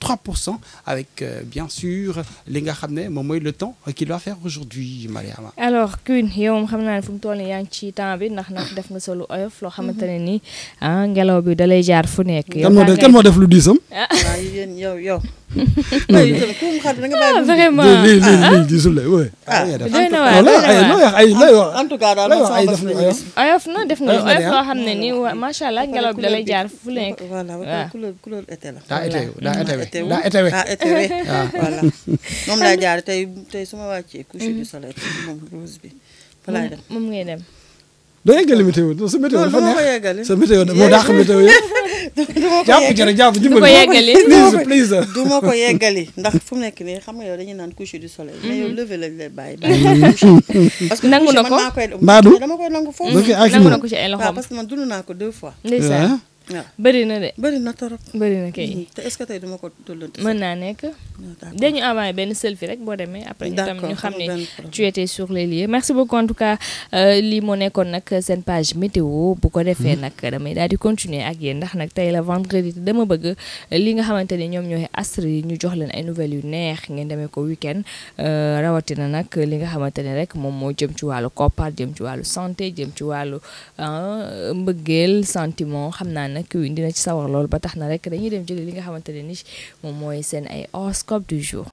Speaker 3: 3% avec euh, bien sûr li nga xam ne le temps
Speaker 1: qu'il va faire aujourd'hui Mariama alors Queen yow moom xam naa ne fu mu toll ci temps bi ndax nag def nga sa lu oyof loo xamante ne nii ah ngelaw bi dalay jaar fu nekk. yow def lu diisam. Ah.
Speaker 5: yow yow. ah vraiment lii lii
Speaker 4: di
Speaker 3: suuf la oui. ah doy na waay doy na waay en tout
Speaker 5: cas daal wax ay def na
Speaker 4: oyof na def na oyof loo
Speaker 1: xam ne nii macha allah ngelaw bi da lay jaar fu nekk. voilà ah. couleur couleur été
Speaker 5: la. daa été daa été daa été daa été voilà moom laa jaar tey tey su ma wàccee couche du mm. soleil moom rose bi fa laay dem moom ngay dem.
Speaker 3: da yeggali météo sa météo dafa neex sa météo moo dàq météo yëpp.
Speaker 5: jàpp jërë jàpp du ma ko yeggali ndax fu nekk nii xam nga yow dañuy naan coucher du soleil. mais yow mm-hmm. lever lañ lay bàyyi. parce que nangu mm-hmm. na ko mbaa du dama
Speaker 1: naa ko deux fois. waaw bëri na de. bëri na trop. bëri na kay. Mm-hmm. te est-ce ko dollante. mën naa nekk. Ah, dañu envoyé benn selfie rek boo demee. après ñu tam xam ne tu étais sur les lieux. merci beaucoup en euh, lii moo nekkoon nag seen page météo bu ko defee mm-hmm. nag damay daal di continuer ak yéen ndax nag tey la vendredi te dama bëgg euh, li nga xamante ni ñoom ñooy astre yi ñu jox leen ay nouvelles yu neex ngeen demee ko week-end euh, rawatina nag li nga xamante ne rek moom moo jëm ci wàllu koppar jëm ci wàllu santé jëm ci wàllu mbëggeel sentiment nag Queen dina ci sawar lool ba tax na rek dañuy dem jëli li nga xamante ne ni moom mooy seen ay horoscope du jour.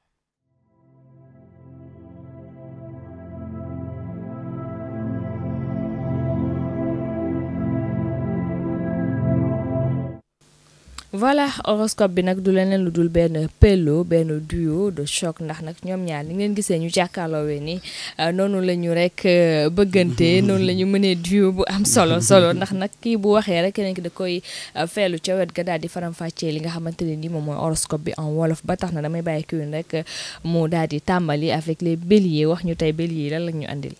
Speaker 1: voilà horoscope bi nag du leneen lu dul benn pello benn duo de choc ndax nag ñoom ñaar ni ngeen gisee ñu jàkkaarloowee ni euh, noonu la ñu rek euh, bëggante noonu la ñu mënee duo bu am solo solo ndax nag kii bu waxee rek keneen ki da koy euh, feelu ca wet ga daal di faram-fàccee li nga xamante ne ni moom mooy horoscope bi en wolof ba tax na damay bàyyi kiwin rek mu daal di tàmbali avec les béliers wax ñu tey béliers lan la ñu andil.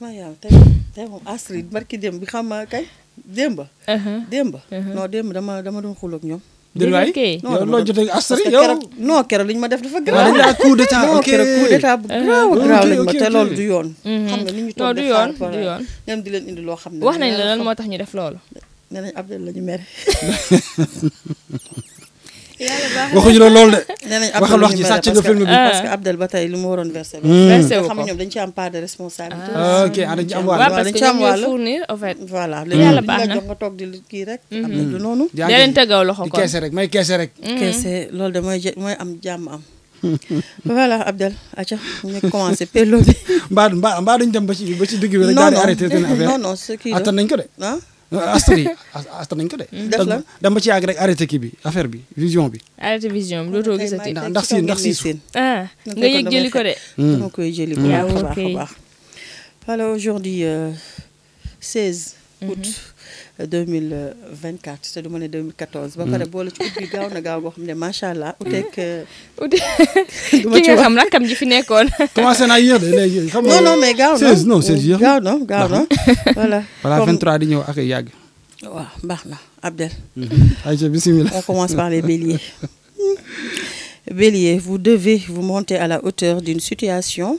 Speaker 5: maa yow tey tey moom Astrid barki dem bi xam kay. démb. Uh-huh. démb. Uh-huh. non démb dama dama doon xulóog ñoom. déedéet kay non loo jotee astari yow. non keroog li ma def dafa grave. waaw coup d'état ok non keroog coup d'état bu uh-huh. grave grave lañ ma te loolu du yoon. Mm-hmm. xam nga ni ñu toog di xaar par di leen indi loo xam ne. wax nañ la lan moo tax ñu def loolu. nee nañ Abdel la ñu mere. waxuñu la loolu de. nee nañ waxal wax ji sàcc nga film bi. parce que Abdel ba tey li mu waroon versé. Hmm. versé wu ko xam ñoom dañ ci am part de responsabilité. Ah. Ah, ok ah, dañ ci am wàll. dañ ci am wàll fournir en fait. voilà léegi hmm. yàlla kii rek. Hmm. am na du noonu. yaa ngi leen tegaw loxo kon di de mooy mooy am am. voilà Abdel aca ñu commencé
Speaker 3: pello bi. mbaa mbaa mbaa dañ dem ba ci ba ci digg bi rek. non
Speaker 5: non
Speaker 1: nañ ko de.
Speaker 3: asta nii asta nañ de. Mm. def dama ci yàgg rek arrêté ki bi affaire bi vision bi.
Speaker 1: arrêté vision bi dootoo gisati. ndax si ndax si ah nga yëg jeli ko de.
Speaker 5: Mm. Mm. dama koy jëli bu baax a baax. Ah, alors aujourd'hui 16 euh, mm-hmm. août. 2024 cest du ma 2014. Bah pare boole ci ut bi gaaw na gaaw boo xam ne macha allah. uteeg euh, ki nga xam nag kam ji fi de les xam non non mais gaaw non non C'est yéex gaaw non non. voilà. voilà 23 di ñëw ak yag wa baax Abdel. bismillah on commence par les béliers. bélier vous devez vous monter à la hauteur d'une situation.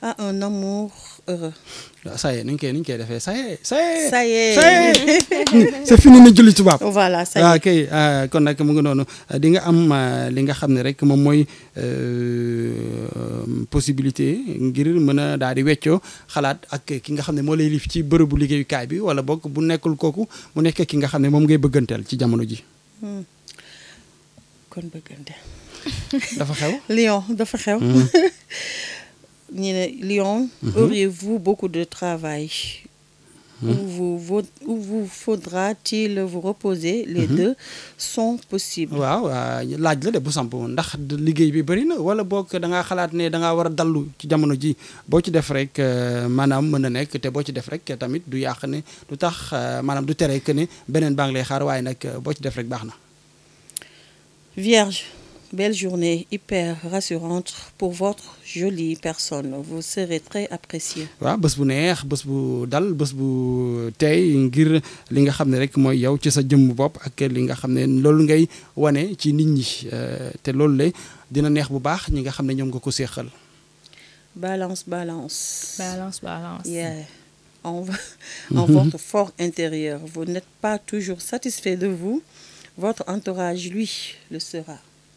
Speaker 5: à un amour heureux.
Speaker 3: ça y est koy nu koy defee ça y est.
Speaker 5: ça y est c'est fini na julli tubaab. voilà ça ah,
Speaker 3: kay ah, kon nag mu ngi noonu ah, di nga am li nga xam ne rek moom mooy euh, possibilité ngir mën a daal di weccoo xalaat ak ki nga xam ne moo lay lif ci bërëbu liggéeyukaay bi wala boog bu nekkul kooku mu nekk ki nga xam ne moom ngay bëgganteel ci jamono ji.
Speaker 5: Hmm. kon bëggante. dafa xew. Lion dafa xew. Hmm. ñu Lyon. Mhm. aurez-vous beaucoup de travail. Mhm. Où vous où vous faudra-t-il vous reposer. les mhm. deux sont possibles. waaw laaj la
Speaker 3: de bu samp ndax liggéey bi bëri na wala boog da ngaa xalaat ne da ngaa war a dallu ci jamono ji boo ci def rek euh, maanaam mën na nekk te boo ci def rek tamit du yàq ne du tax euh, maanaam du tere que ne beneen baa ngi lay xaar waaye nag euh, boo ci def rek baax na.
Speaker 5: Vierge. Belle journée hyper rassurante pour votre jolie personne vous serez très apprécié.
Speaker 3: Wa bés bu neex bés bu dal bés bu tey ngir li nga xamné rek moy yow ci sa jëm bop ak li nga xamné ne loolu ngay wane ci nit ñi euh, té loolu la dina neex bu baax ñi nga xamné ñom nga ko séexal.
Speaker 5: balance balance. balance balance. Yeah. En, en mm -hmm. votre fort intérieur vous n'êtes pas toujours satisfait de vous votre entourage lui le sera.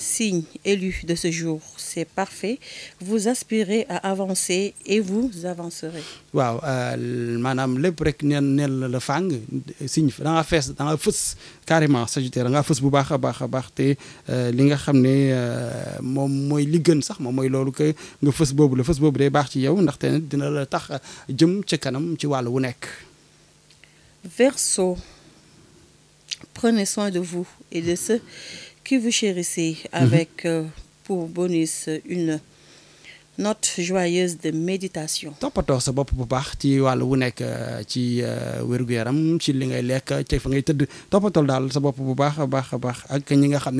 Speaker 5: signe élu de ce jour c'est parfait vous aspirez à avancer et vous avancerez.
Speaker 3: waaw euh, madame, lépp rek neen neen la signe da ngaa da ngaa carrément Sagittaire da ngaa fës bu baax a baax a baax te euh, li nga ça, ne euh, moom mooy li sax moom mooy loolu que nga fës boobu la fës boobu day baax ci yow ndaxte dina la tax jëm ca kanam ci wàll wu
Speaker 5: Verseau prenez soin de vous et de ceux qui vous chérissez mhm. avec euh, pour bonus une note joyeuse de méditation.
Speaker 3: toppatoo sa bopp bu baax ci wàll wu nekk euh, ci euh, wér-gu-yaram ci li ngay lekk ci fa ngay tëdd toppatool daal sa bopp bu baax a baax ak ñi nga xam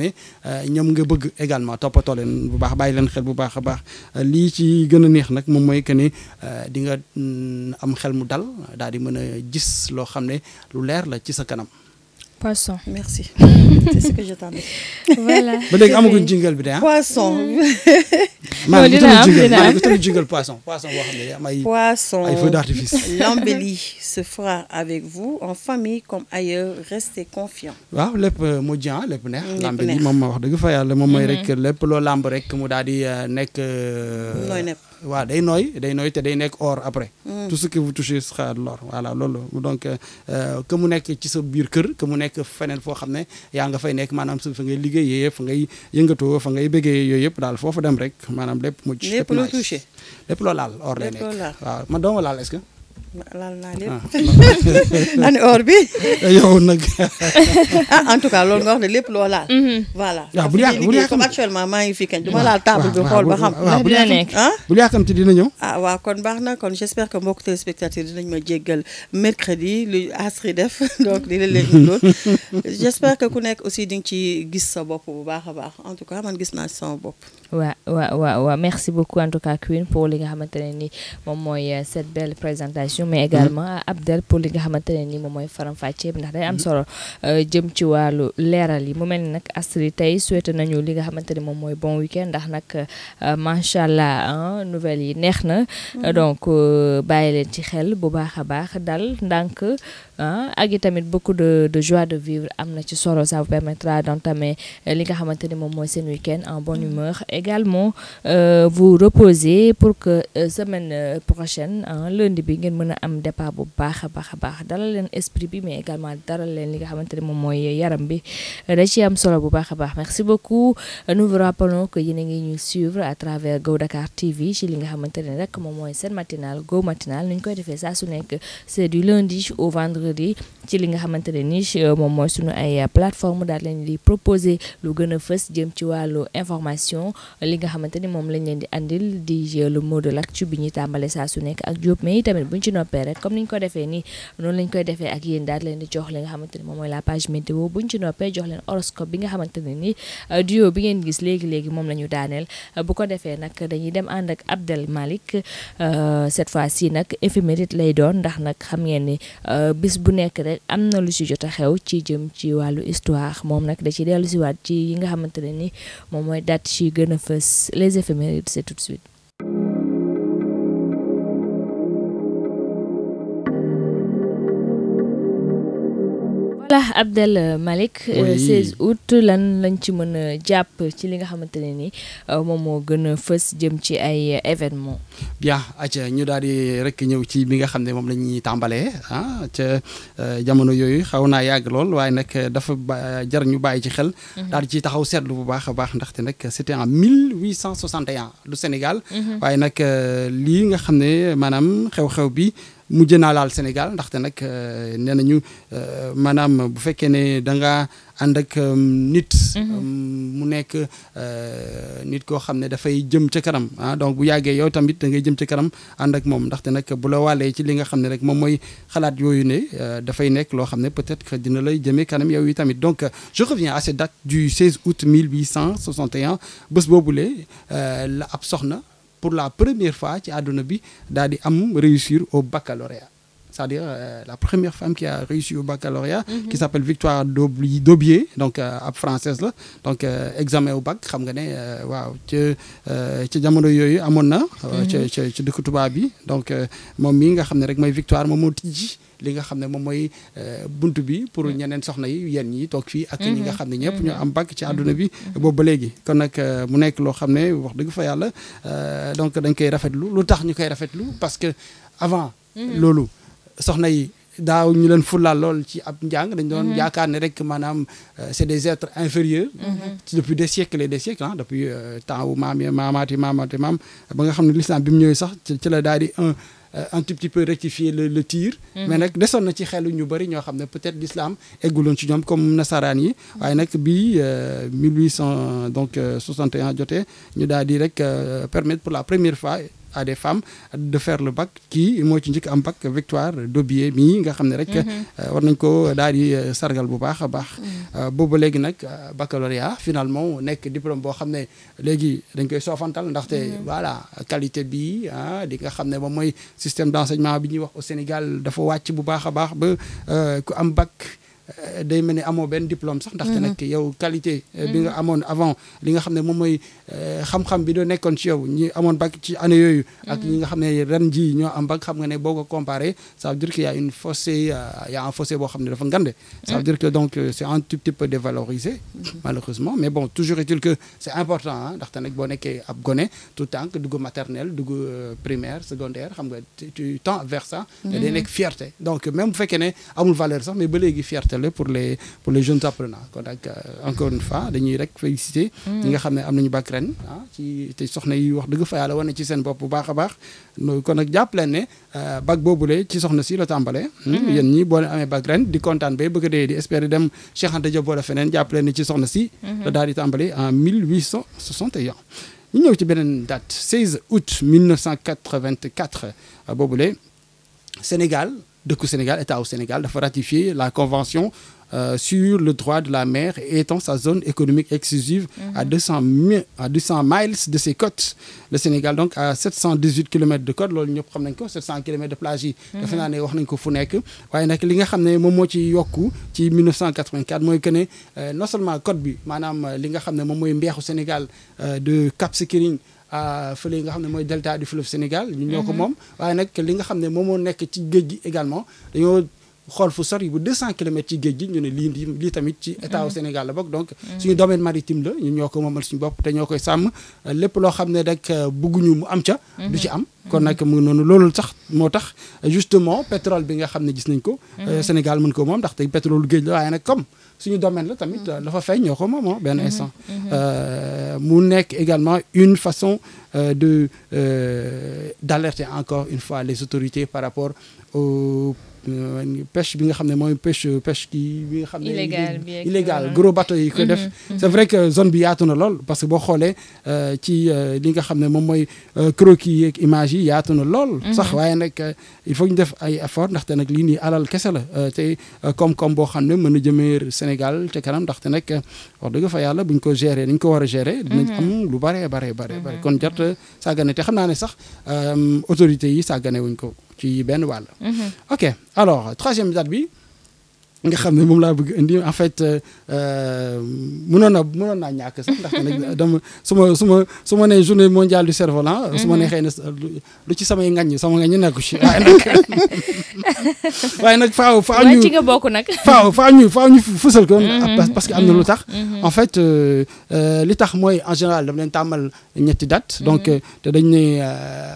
Speaker 3: nga bëgg également toppatoo leen bu baax bàyyi leen xel bu baax a baax lii ci gën neex nag mooy que ni di nga mm, am xel mu dal daal di mën gis loo xam lu leer la ci sa kanam.
Speaker 5: poisson merci. c'est ce que j'attendais. voilà. ba léegi un jingle bi de ah? poisson. maa ngi tudd jingle maa ngi tudd
Speaker 3: jingle poisson poisson boo xam ne poisson ay d'artifice. l'embellie
Speaker 5: se fera avec vous en famille comme ailleurs restez confiant
Speaker 3: waaw lépp euh, mu jeex ah lépp neex. l'embellie moom ma wax dëgg fa yàlla moom mooy mm-hmm. rek lépp loo làmb rek mu daal di euh, euh, voilà day noy day des te day or après. Hmm. tout ce que vous touchez sera l'or voilà donc euh, euh, que mu nek ci sa bir kër que mu nga fay fa ngay ngay fa ngay dem rek or est-ce que.
Speaker 5: laal naa lépp ah. ani or bi. yow nag. ah en tout cas loolu nga wax ne lépp loo laal. Mhm. voilà ah, bu ñu comme actuellement maa ngi fi kañ. du ma ah, laal table bi xool ba xam. waaw bu dina nekk bu yàkkamti dina ñëw. ah waaw kon baax na kon j' espère que mbokk téléspectateurs dinañ ma jéggal mercredi lu asri def donc di leen leen lool. j' espère que ku nekk aussi di nga ci gis sa bopp bu baax a baax en tout cas man gis naa ci sama bopp.
Speaker 1: ouais ouais ouais waaw merci beaucoup en tout cas Queen pour li nga xamante ne ni euh, cette belle présentation mais également mm-hmm. Abdel pour li nga xamante ne ni moom mooy faram-fàccee ndax day am solo euh, jëm ci wàllu leeral yi mu mel ni nag souhaite tey les nañu li nga xamante bon week-end ndax nak, euh, macha hein, nouvelle année, na mm-hmm. donc bah leen ci xel bu baax baax dal ndànk hein, i tamit beaucoup de de joie de vivre am na ci solo ça vous permettra d'entamer li nga xamante ne moom c'est seen week-end en bonne mm-hmm. humeur également euh, vous reposer pour que euh, semaine euh, prochaine hein, lundi bi ngeen mën am départ bu baax a baax a baax dalal esprit bi mais également dalal leen li nga xamante mom moy yaram bi da ci am solo bu baax baax merci beaucoup nous vous rappelons que yéen a ñu suivre à travers Go Dakar TV ci li nga xamante ne rek moom mooy matinal Go matinal ñu koy défé saa su nek c'est du lundi au vendredi ci li nga xamante ni mom moy suñu ay plateforme daal leen di proposer lu gëna a jëm ci walu information li nga xamante ni moom lañ leen di andil di le mot de l'actu bi ñuy tàmbale saa su nekk ak Diop mais itamit buñ ci noppee rek comme ñu ko defee nii noonu lañ koy defee ak yéen daal leen di jox li nga xamante ni moom mooy la noppee jox leen horoscope bi nga ne nii euh, duo bi ngeen gis léegi léegi moom la ñu daaneel euh, bu ko defee nag dañuy dem ànd ak Abdel Malik euh, cette fois ci nag éphéméride lay doon ndax nag xam ngeen ni bis bu nekk rek am na lu si jot a xew ci jëm ci wàllu histoire moom nag da ci dellu si waat ci yi nga xamante ne ni moom mooy date ci gën les éphémérides, c'est tout de suite. Abdel Malick. Euh, oui 16 août lan lañ ci mën a jàpp ci li nga xamante ne ni euh, moom moo gën a fës jëm ci ay événement
Speaker 3: bien atia ñu daal di rek ñëw ci bi nga xam ne moom la ñuy tàmbalee ah ca euh, jamono yooyu xew naa yàgg lool waaye nag dafa jar ñu bàyyi ci xel. Mhm. daal di taxaw seetlu bu baax a baax ndaxte nag c'était en 1861 du Sénégal. Mhm. waaye nag lii nga xam ne maanaam xew-xew bi. mujj naa laal Sénégal ndaxte nag euh, nee euh, maanaam bu fekkee ne da nga ànd ak euh, nit. Mhm. mu nekk nit koo xam ne dafay jëm ca karam ah donc bu yàggee yow tamit da ngay jëm ca karam ànd ak moom ndaxte nag bu la wàllee ci li nga xam ne rek moom mooy xalaat yooyu ne dafay nekk loo xam ne peut-être que dina lay jëmee kanam yow yi tamit donc je reviens à cette date du 16 août 1861 bés boobule la ab soxna pour la première fois ci a bi daal am réussir au baccalauréat c'est-à-dire euh, la première femme qui a réussi au baccalauréat mhm. qui s'appelle Victoire Dobier, donc euh, ab française donc euh, examen au bac xam nga que, waaw ci ci jamono yoyu amona ci mhm. ci ca dëkk donc mom mi nga xamné rek may Victoire momo moo li nga xam mom moy ont euh, bi pour ñeneen soxna yi yi mhm. euh, donc rafetlu lu tax parce que avant mhm. soxna yi ñu leen lool ci ab dañ mhm. euh, c'est des êtres inférieurs depuis des siècles et des siècles hein, depuis temps ba nga la un euh, un tout petit peu rectifier le tir. Mhm. mais ci xelu ñu peut-être l'islam ci comme 1800 euh, donc euh, permettre pour la première fois à des femmes de faire le bac qui moo ci njëkk am bac Victoire d'obier mi nga xamné rek. Mhm. Euh, war nañ ko daal di euh, sargal bu baax a baax. Mhm. Euh, boobu légui nak baccalauréat finalement nek diplôme bo xamné légui dañ koy soofantal ndaxte mhm. voilà qualité bi ah di nga xamné ne moy système d'enseignement bi ñi wax au Sénégal dafa wacc bu baax baax ba ku am bac. Euh, day mel ni amoo benn diplôme sax ndaxte mhm. nag yow qualité euh, bi mhm. nga amone avant li nga xamné mom moy euh, xam-xam bi do nekkoon ci yow ñi amone bac ci ane yoyu ak mhm. ñi nga xamné ne ren ji ño am bac xam nga né boo comparer ça veut dire qu'il y a une fossé y a un fossé bo xamné dafa ngandé ça veut dire que donc c'est un tout petit peu dévalorisé malheureusement mais bon toujours est-il que c'est important ah ndaxte nag bo nekkee ab goné tout temps dugg maternelle dugg primaire secondaire xam nga tu tends vers ça te day fierté donc même fait fekkee ne amul valeur sax mais ba légui fierté jàppale pour les pour les jeunes apprenants kon nag euh, encore une fois dañuy rek féliciter ñi nga xamné ne am nañu bac ah ci te soxna yi wax dëgg fa yàlla wane ci seen bop bu baax a baax kon nak jàpp leen ne euh, bac boobule ci soxna si la tambalé hmm, hmm. yéen ñi boo amé amee di contane bay bëgg a di espérer dem Cheikh Anta Diop wala feneen jàpp leen ci soxna si hmm. la daal di tambalé en 1861 ñu ñëw ci benen date 16 août 1984 euh, boobule Sénégal Sénégal état au Sénégal faut ratifier la convention euh, sur le droit de la mer étant sa zone économique exclusive mhm. à 200 à 200 miles de ses côtes le Sénégal donc à 718 km de côte 700 km de plage yi mhm. defe de wax nañ ko fu 1984 que euh, non seulement côte bi Madame euh, li Sénégal de Cap à le delta du fleuve Sénégal. ñun ñoo mhm. également il fu sori bu 200 kilomètres ci ñu Sénégal bokk donc mm. domaine maritime la ñun ñoo ko suñu bopp te ñoo koy sàmm lépp loo rek euh, am du ci mm-hmm. am mm-hmm. kon mu justement pétrole bi nga euh, mm-hmm. Sénégal ko pétrole la comme domaine la tamit également une façon euh, de d'alerter encore une fois les autorités par rapport au pêche bi nga xam ne mooy pêche pêche kii bi nga xam ne illégal gros bateau yi ko def c'est vrai que zone bi yaatu na lool parce que boo xoolee ci li nga xam ne moom mooy croquis yeeg image yi yaatu na lool sax waaye nag il faut ñu def ay effort ndaxte nag lii nii alal kese la te koom-koom boo xam ne mën na jëmee Sénégal ca kanam ndaxte nag wax dëgg fa yàlla buñ ko gérer ni ñu ko war a gérer dinañ am lu bare bare bare bare kon jot sàggane te xam naa ne sax autorités yi sàggane wuñ ko ci mhm. ok alors troisième date nga xam ne moom laa bëgg indi en fait euh, euh, mënoon na mënoon naa ñàkk sax ndaxte nag dama su ma suma ma su ma nee journée mondiale du cerf suma su ma nee mhm. xëy na lu ci samay ngañ sama ngañ nekku ci waaye nag nag faaw faaw ñu ci nga
Speaker 1: bokk nag faaw faaw
Speaker 3: ñu faaw ñu fësal ko mhm. ah, parce que am na lu tax mhm. en fait euh, li tax mooy en général dama leen tàmmal ñetti date donc te dañ ne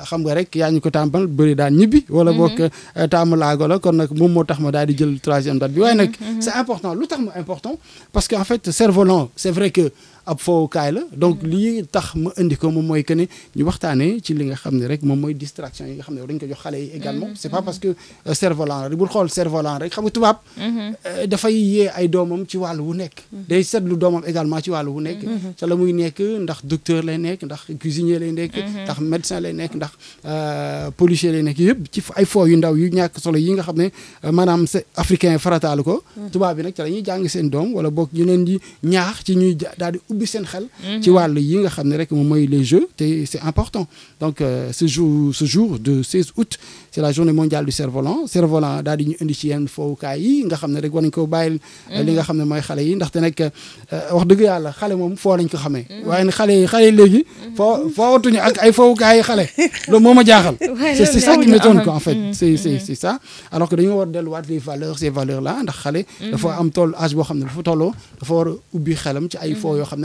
Speaker 3: xam nga rek yaa ñu ko tàmmal bëri daal ñibbi wala boog tàmmalaago la kon nag moom moo tax ma daal di jël troisième date bi Mhm, mhm. c'est important l'autre important parce qu'en fait cerf-volant c'est vrai que ab foowukaay la donc mm-hmm. lii tax ma indi ko moom mooy que ne ñu waxtaanee ci li nga xam ne rek moom mooy distraction yi nga xam ne dañ ko jox xale yi également mm-hmm. c'est pas parce que euh, cerf-volant rek bul xool cerf-volant rek xam nga tubaab mm-hmm. euh, ci wàllu wu nekk day seetlu doomam également ci wàllu wu nekk ca la muy nekk ndax docteur lay nekk ndax cuisinier lay nekk ndax médecin lay nekk ndax euh, policier lay nekk yëpp ci ay foo yu ndaw yu ñàkk solo yi nga xam ne manaam c'est africain farataal ko tubaab yi nag ca la ñuy jàng seen doom wala boog ñu leen ñaax ci ñuy daal ubbi seen xel. Mhm. ci wàllu yi nga xam ne rek moom mooy les jeux te c' est important donc euh, ce jour ce jour de 16 août c' est la journée mondiale du cerf-volant cerf-volant daal di ñu indi ci yenn fowukaay yi nga xam ne rek war nañu ko bàyyil. Euh, li nga mhm. xam ne mooy xale yi ndaxte nag euh, wax dëgg yàlla xale moom foo lañ ko xamee. Mhm. waaye ni xale yi xale yi léegi. foo foowatuñu ak ay fowukaay yi xale loolu moo ma jaaxal. c' est ça qui m'étonne quoi en fait c' est c' est c' est ça alors que dañu war a delluwaat les valeurs ces valeurs là ndax xale. dafa am toll âge boo xam ne dafa tolloo dafa war a ubbi xelam ci ay foo yoo xam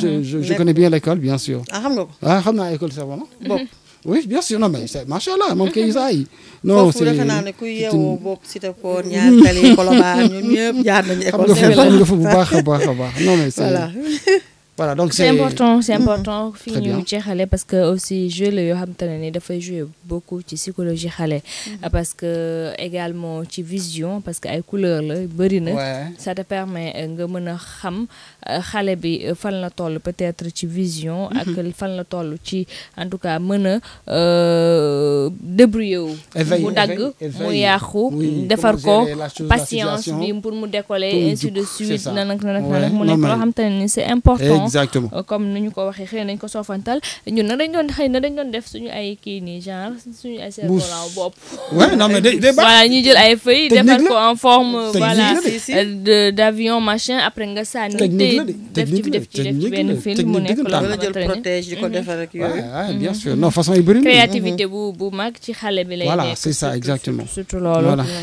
Speaker 3: je, mmh. connais bien l'école, bien sûr. Ah, je ah, école c'est bon oui bien sûr non mais c'est machin là mon non c'est donc c'est important
Speaker 1: c'est mmh. important parce que aussi je le jouer beaucoup psychologie mmh. parce que également tu vision parce que ay couleurs ça te permet de faire xale bi fan la toll peut-être ci vision. Mhm. ak fan la toll ci en tout cas mën a euh, débrouiller wu. mu dagg mu yàqu. defar ko patience bi pour mu décoller ainsi de suite. nan ak nan ak nan ak mu nekk loo xam te ne ni c'est important. exactement euh, comme ni ñu ko waxee xëy nañ ko soofantal ñun nag dañ doon xëy na dañ doon def suñu ay kii nii genre suñu ay cerveau la bopp. waaw non mais day voilà ñuy jël ay feuilles defar ko en forme. voilà d'avion machin après nga sànni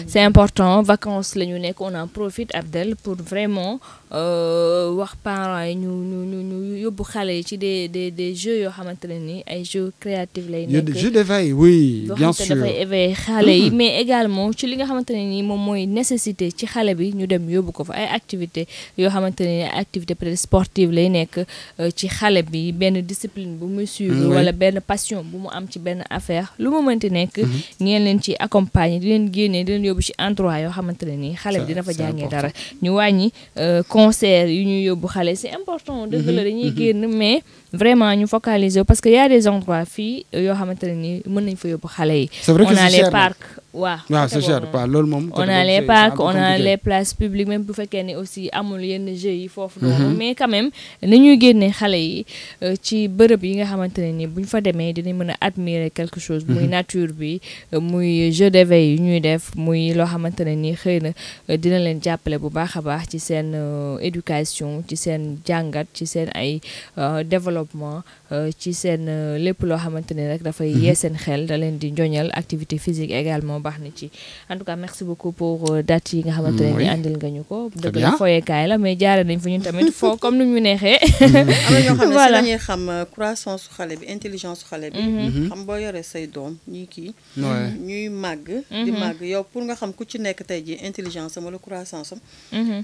Speaker 1: c'est important vacances on en profite Abdel pour vraiment. Euh, wax parents yi ñu ñu ñu ñu yóbbu xale yi ci des des des jeux yoo xamante ni ay jeux créatifs lay nekk de
Speaker 3: d'éveil oui
Speaker 2: bien sûr dafay éveiller
Speaker 1: xale yi hmm. mais également ci li nga xamante ne nii moom mooy nécessité ci xale bi ñu dem yóbbu ko fa ay activités yoo xamante ne nii activité peut-être sportive lay nekk euh, ci xale bi benn discipline bu muy suivre hmm, wala benn passion bu mu am ci benn affaire lu mu mënti nekk hmm. ngeen leen ci accompagner di leen génnee di leen yóbbu ci endroit yoo xamante ne nii xale bi dina fa jàngee dara ñu wàññi euh, concert yu ñuy yóbbu xale c'est important dëgg la mhm. dañuy mhm. génn mais vraiment ñu focaliser parce que y a des endroits fi euh, yo xamanteni ne mën nañ fa yóbbu xalé yi. on a les parcs wa waaw ah, c'est cher pas loolu mom on a les parcs on a les places publiques même bu fekkee ne aussi amul yenn jeux yi fofu non mhm. mais quand même ni ñuy génné xalé yi euh, ci bërëb yi nga xamanteni ne nii fa démé dinañ mëna admirer quelque chose. Mhm. muy nature bi euh, muy jeu d'éveil ñuy def muy lo xamanteni ne nii dina leen jappalé bu baaxa baax ci sen éducation ci sen jangat ci sen ay développement développement euh, ci seen euh, lépp loo xamante ne rek dafay mhm. yee seen xel da leen di njoñal activité physique également baax na ci en tout cas merci beaucoup pour euh, date yi nga xamante ne ni andil nga ñu ko dëgg la fooyekaay la mais jaare nañ fi ñun tamit foo comme nu ñu neexee mhm. am na ñoo xam ne
Speaker 5: xam croissance su xale bi intelligence su xale bi mhm. xam boo yoree say doom ñuy kii ñuy màgg di màgg yow pour nga xam ku ci nekk tey ji intelligence am wala croissance am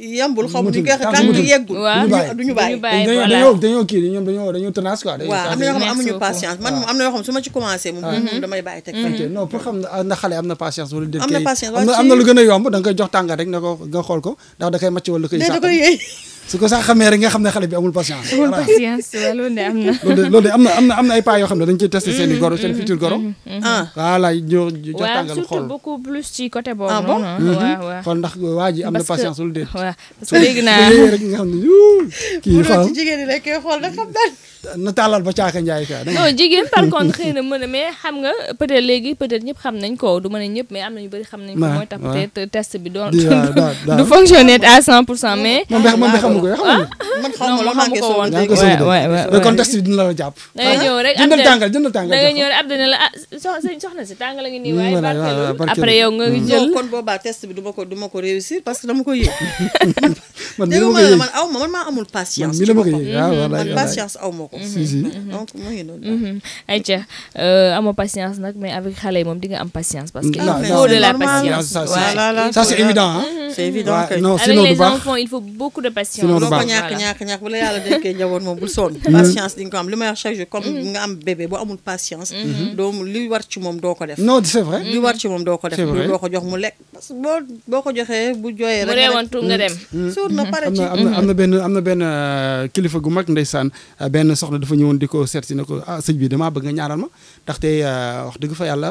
Speaker 5: yambul xaw ma nu koy waxee tànk yeggul. waaw du ñu bàyyi dañoo
Speaker 3: dañoo kii ñoom dañoo dañoo tenace quoi. waaw am na yoo xam ne amuñu patience man
Speaker 5: am na yoo xam ne su ma ci commencé. moom mhm. damay bàyyi teg ok non
Speaker 3: pour xam ndax xale am na patience. wala déet am na patience am na lu gën a yomb da nga koy jox tàngaat rek ne ko nga xool ko ndax da koy màcc wala da koy. su ko sax xamee rek nga xam ne xale bi amul patience. amul
Speaker 1: patience waaw loolu de am na. loolu de am na am na
Speaker 3: am na ay pas yoo xam ne dañ ciy testé seen i goro seen futur goro. Mm-hmm, mm-hmm. ah voilà ñoo jox tàngal xool surtout
Speaker 1: beaucoup plus ci côté boobu. ah bon waaw mm-hmm. waaw xool
Speaker 3: ndax waa ji am na patience lu déet. waaw parce que léegi naa rek nga xam ne
Speaker 1: kii xool. bu doon ci jigéen ñi rek kay xool nag xam daal.
Speaker 3: na tàllal ba caaka njaay quoi. non jigéen par contre
Speaker 1: na mën a xam nga peut léegi peut être xam nañ ko du mën a ñëpp mais am nañu bëri xam nañ ko mooy tax peut test bi doon la jàpp. da ah. ñëw rek jëndal ah, soxna si tàngal
Speaker 5: a ngi nii waaye mm, barkeelul après yow nga mm. kon boobaa test bi du ko du ma ko réussir parce que dama ko yëg. man
Speaker 1: mi la ma ko yëg man
Speaker 5: aw ma man maa amul patience. man ah, ma ko yëg waaw man patience aw ko mm-hmm, mm-hmm.
Speaker 1: donc mooy loolu ayca amoo patience nag mais avec xale yi moom di nga am patience parce que il faut de la patience ça c'est évident ah c'est évident que
Speaker 5: avec les enfants
Speaker 1: il faut beaucoup de patience loo ko ñàkk ñàkk bu la yàlla dénkee
Speaker 5: njaboot moom bul sonn patience di nga ko am li may wax chaque jour comme nga am bébé bu amul patience doo li war ci moom doo ko def non c'est vrai li war ci moom doo ko def doo ko jox mu lekk parce que boo boo ko joxee bu jooyee rek mu reewantu nga dem
Speaker 1: suur na pare ci am
Speaker 3: na benn am na benn euh, kilifa gu mag ndeysaan euh, benn soxna dafa ñëwoon di seet si ne ko ah sëñ bi damaa bëgg nga ñaanal ma ndaxte euh, wax dëgg fa yàlla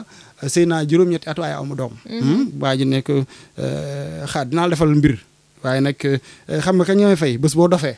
Speaker 3: sëy naa juróom-ñetti at waaye amu doom mhm. hmm? waa ji ne ko xaa defal mbir waaye nag euh, xam nga kañ nga may fay bés boo dofee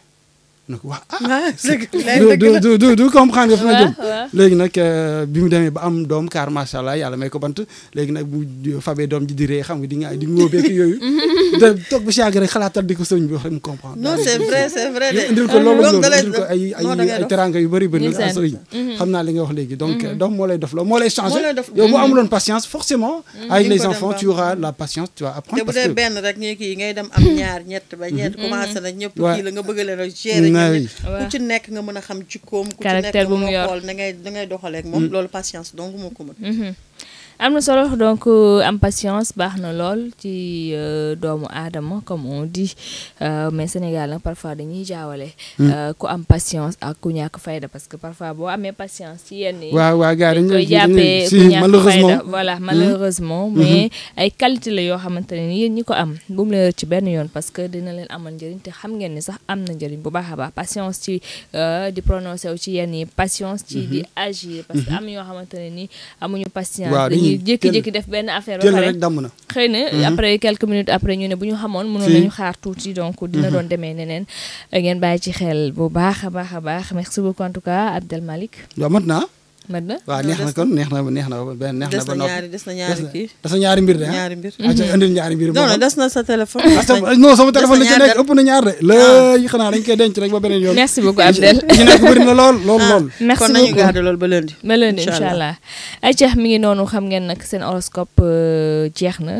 Speaker 3: na ko wax
Speaker 4: ah du du comprendre fi ma jëm léegi
Speaker 3: euh, bi mu demee ba am dom car machallah yalla may ko bant léegi nak bu fabee dom ji di ree xam nga di di ngóobeek yooyu
Speaker 5: yoyu
Speaker 3: toog ba si yàgg rek xalaatal di ko sëñ bi xam comprendre non c'est vrai
Speaker 5: c'est vrai de indil ko loolu indil ko ay ay teranga
Speaker 3: yu bari bari nag sëriñ xam li nga wax léegi donc mhm. doom mo lay def lo mo lay changer yow bu mhm. amuloon patience forcément
Speaker 5: mhm. avec les enfants tu
Speaker 3: auras la patience tu vas apprendre parce que ben
Speaker 5: rek ñuy ki ngay dem am ñaar ñett ba ñett commencé na ñepp ki la nga bëgg leen gérer ku ci nekk nga mën a xam jikkoom ku ci nekk nga mën a xool na doxaleek moom mm. loolu patience donc moo ko mën
Speaker 1: mm-hmm. am na solo donc euh, am patience baax na lool ci euh, doomu aadama comme on dit euh, mais Sénégal nag parfois dañuy jaawale. Hmm. ku am patience ak ku ñàkk fayda parce que parfois boo amee patience ci yenn waaw waaw gars koy jàppee ku ñàkk fayda voilà hmm. malheureusement. Hmm. mais ay qualité la yoo xamante ne yéen ñi ko am bu mu leen ci benn yoon parce que dina leen amal njëriñ te xam ngeen ni sax am na njëriñ bu baax a baax patience ci di prononcer wu ci yenn patience. ci di agir parce que am yoo xamante ne ni amuñu patience. jékki-jékki def benn affaire ba pare damm na xëy na mhm. après quelques minutes après ñu ne bu ñu xamoon mënoon ñu xaar tuuti donc dina mhm. doon demee neneen ngeen bàyyi ci xel bu baax a baax a baax merci beaucoup en tout cas Abdel Malick waaw naa mën na waaw neex na kon
Speaker 3: neex na neex na benn neex na
Speaker 1: ba ñaari mbir de ah? ñaari mbir aca indil ñaari mbir non des na sa téléphone ah, non sama
Speaker 3: téléphone li ci ah. rek ba beneen yoon merci beaucoup Abdel na lool lool ba lundi ba lundi incha allah
Speaker 1: aca mi ngi noonu xam ngeen nag seen horoscope euh, jeex na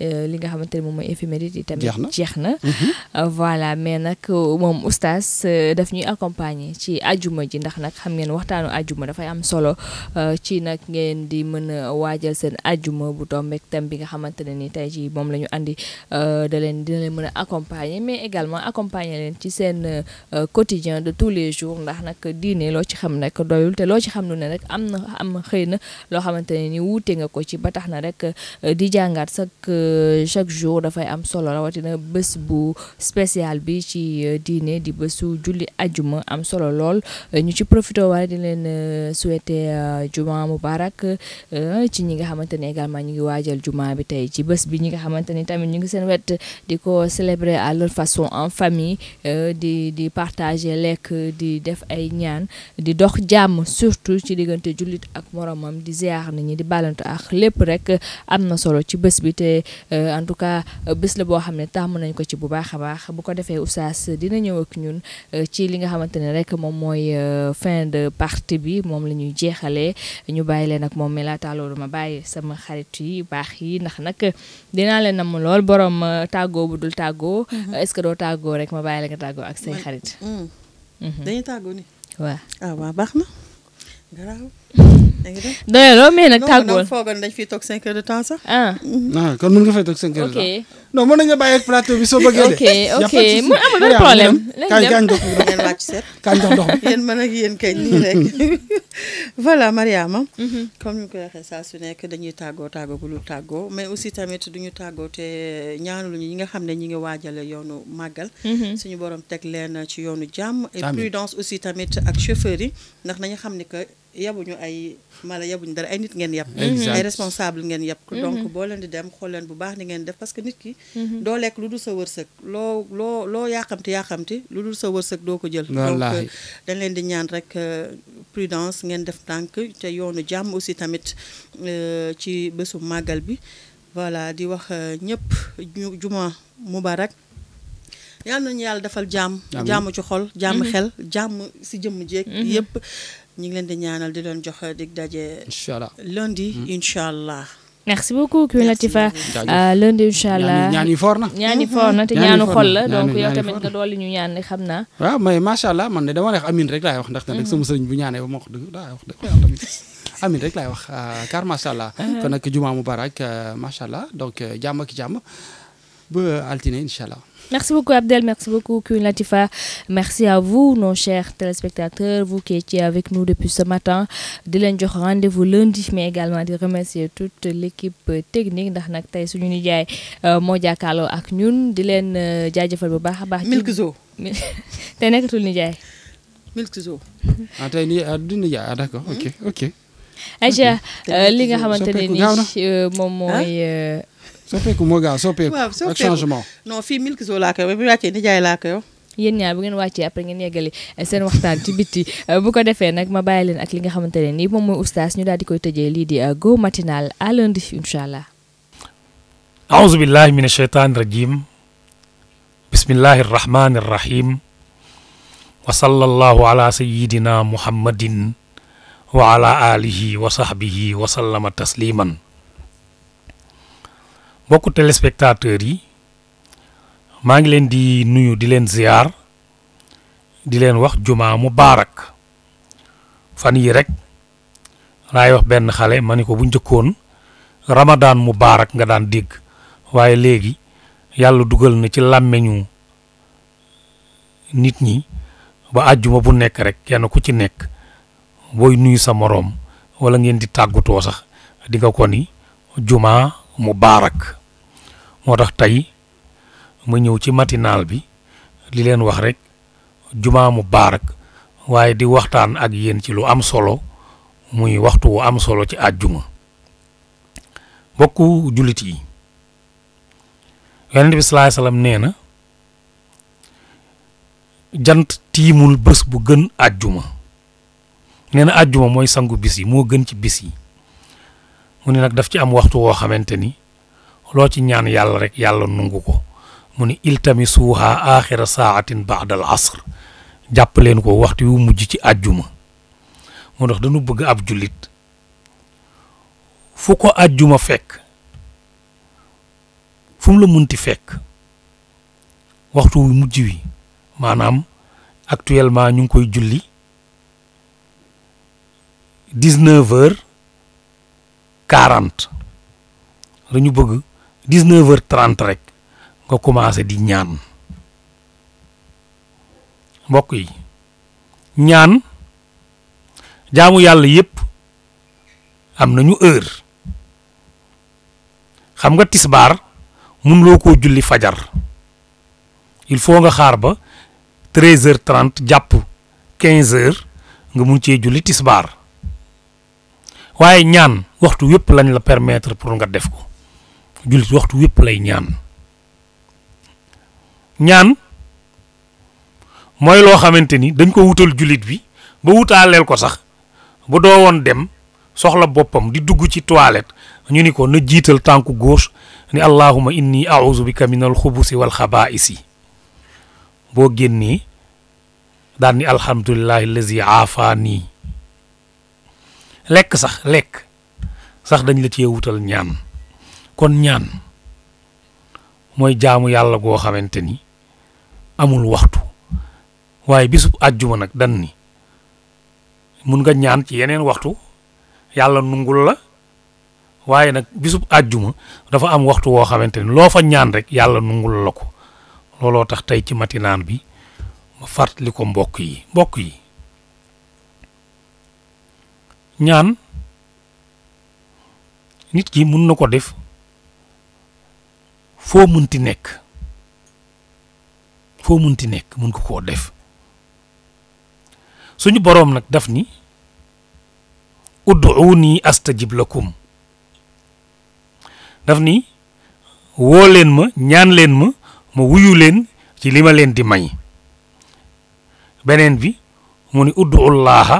Speaker 1: Euh, li nga xamante ne moom mooy éphéméride yi tamit jeex na mhm. euh, voilà mais nag euh, moom oustaz daf ñuy accompagner ci ajuma ji ndax nag xam ngeen waxtaanu ajuma dafay am solo ci nag ngeen di mën a waajal seen ajuma bu tombeek tam bi nga xamante ne ni tey ji moom la ñu andi da leen dina leen mën a accompagner mais également accompagner leen ci seen quotidien de tous les jours ndax nag diine loo ci xam nag doyul te loo ci xam lu ne rek am na am xëy na loo xamante ne ni wuute nga ko ci ba tax na rek di jàngaat sak chaque jour dafay am solo la rawatina bés bu spécial bi ci euh, diine di bésu julli ajuma am solo lool euh, ñu ci profité waaye di leen euh, souhaiter juma mubarak ci ñi nga xamante ne également ñu ngi waajal juma bi tey ci bés bi ñi nga xamante ni tamit ñu ngi seen wet di ko célébrer à leur façon en famille di di partager lekk di def ay ñaan di dox jàmm surtout ci diggante jullit ak moromam di ziar nit ñi di baalantu ak lépp rek am na solo ci bés bi te Euh, en tout cas euh, bés la boo xam ne tàmm nañ ko ci bu baax a baax bu ko defee oustaz dina ñëw ak ñun euh, ci li nga xamante ne rek moom mooy fin de partie bi moom la ñuy jeexalee ñu bàyyi leen ak moom mi laata loolu ma bàyyi sama xarit yi baax yi ndax nag dinaa leen namm lool borom tàggoo bu dul tàggoo. Mm-hmm. est-ce que doo tàggoo rek ma bàyyi la nga tàggoo ak say xarit. Mm. Mm-hmm. dañuy tàggoo ah, baax na
Speaker 5: doyoo loo mais nag tàggool foogoon dañ fiy toog 5 heures de temps sax. ah kon mën nga fay toog 5 de temps. ok non mën nañu bàyyi ak bi soo bëggee de. ok ok mu amul benn problème. kañ kañ dox bi ngeen mën ak yéen kay nii rek. voilà Mariama. comme ni ñu koy waxee saa su nekk dañuy tàggoo tàggoo bu lu tàggoo mais aussi tamit duñu tàggoo te ñaanu luñu ñi nga xam ne ñu ngi waajale yoonu màggal. suñu borom teg leen ci yoonu jàmm. et prudence aussi tamit ak chauffeur yi ndax nañu xam ni que yabu ñu ay mala yabuñu dara ay nit ngeen yab ay responsable ngeen yab mhm. donc boo leen di dem xool leen bu baax ni ngeen def parce que nit ki mhm. doo lekk lu dul sa wërsëg loo loo loo yàqamti yàqamti lu dul sa wërsëg doo ko jël donc dañ leen di ñaan rek euh, prudence ngeen def tànk te yoonu jàmm aussi tamit euh, ci bésu màggal bi voilà di wax euh, ñëpp juma mubarak yal nañu yàlla defal jàmm jàmm ci xol jàmm mhm. xel jàmm si jëmm jeeg yëpp ñu ngi leen di ñaanal di leen jox dig daje. incha allah lundi mm-hmm. incha allah.
Speaker 1: merci beaucoup Queen Latifah euh, lundi incha allah ñaan yi foor na ñaan mm-hmm. te ñaanu xol la donc yow tamit nga dool li ñu ñaan xam na
Speaker 3: waaw mais macha allah man de dama wax amin rek laay wax ndax nag sama sëriñ bu ñaanee ba ma wax dëgg daa wax amin rek laay wax car euh, macha allah uh-huh. kon nag jumaa mubarak euh, macha allah donc jàmm ak jàmm altine incha
Speaker 1: Merci beaucoup Abdel, merci beaucoup Latifa. Merci à vous, nos chers téléspectateurs, vous qui étiez avec nous depuis ce matin. Dylan jox rendez-vous lundi, mais également de remercier toute l'équipe technique ndax nag tey suñu nijaay euh, moo de ak ñun di leen Milkzo. Euh, bu baax baax. Milkzo tey nekkatul nijaay. Milkzo.
Speaker 5: ah
Speaker 3: ah, ah d'accord ok ok.
Speaker 1: Aja euh, li nga xamante ne nii
Speaker 3: soppeeku moo gaaw soppeeku. waaw soppeeku ak changement.
Speaker 1: non fii milki soo laa koy wax bu wàccee nijaay laa koy wax. ñaar bu ngeen wàccee après ngeen yeggali eh, seen waxtaan ci bitti eh, bu ko defee nag ma bàyyi leen ak li nga xamante ne nii moom mooy oustaz ñu daal di koy tëjee lii di eh, go matinal à lundi incha allah.
Speaker 6: aouzu billahi min acheytaani rajim bismillahi rahmani rahim wa sallallahu ala sayidina muhammadin wa ala alihi wa sahbihi wa sallama tasliman mbokku téléspectateurs yi maa ngi leen di nuyu di leen ziar di leen wax jumaa mubaarak fan yi rek laay wax benn xale ma ni ko bu njëkkoon ramadaan mubaarak nga daan dégg waaye léegi yàlla dugal na ci làmmeñu nit ñi ba àjjuma bu nekk rek kenn ku ci nekk booy nuyu sa moroom walla ngeen di tàggutoo sax di nga ko ni jumaa mubaarak moo tax tey ma ñew ci matinal bi li leen wax rek juma mu barak waye di waxtaan ak yeen ci lu am solo muy waxtu wu am solo ci aljuma bokku jullit yi yonent sallallahu alayhi wasallam neena jant timul bes bu gën aljuma neena aljuma moy sangu bis yi moo gën ci bis yi mu daf ci am waxtu wo xamanteni lo ci ñaan yalla rek yalla nungu ko muni iltamisuha akhir saatin ba'da al asr japp len ko waxtu wu mujj ci aljuma mo dox dañu bëgg ab julit fu ko aljuma fekk fu mu la munti fekk waxtu wu mujj wi manam actuellement ñu koy julli dix-neuf heures quarante bëgg 19 heures 30 rek nga commencé di ñaan mbokk yi ñaan jaamu yàlla yépp am nañu heure xam nga tisbar mun lo ko julli fajar il faut nga xaar ba 13h30 japp 15h nga mun ci julli tisbar waye ñaan waxtu yépp lañ la permettre pour nga def ko jullit waxtu yépp lay ñaan ñaan mooy loo xamante ni dañ ko wutal jullit bi ba wutaaleel ko sax bu doo woon dem soxla boppam di dugg ci toilette ñu ni ko na jiital tànk gauche ni allahuma inni auzu bika min alxubusi wal boo génnee daan ni alhamdulilahi allazi nii lekk sax lekk sax dañ la cee wutal ñaan kon ñaan mooy jaamu yàlla goo xamante ni amul waxtu waaye bisub àjjuma nag dan ni mun nga ñaan ci yeneen waxtu yàlla nungul la waaye nag bisub àjjuma dafa am waxtu woo xamante ni loo fa ñaan rekk yàlla nungul la ko looloo tax tey ci matinaan bi ma fàttali ko mbokk yi mbokk yi ñaan nit ki mun na ko def foo munti nekk foo nekk mun ko koo def suñu boroom nag daf ni ud'uuni astajib lakum daf ni woo leen ma ñaan leen ma ma wuyu leen ci lima leen di may beneen bi muni ni ud'u llaaha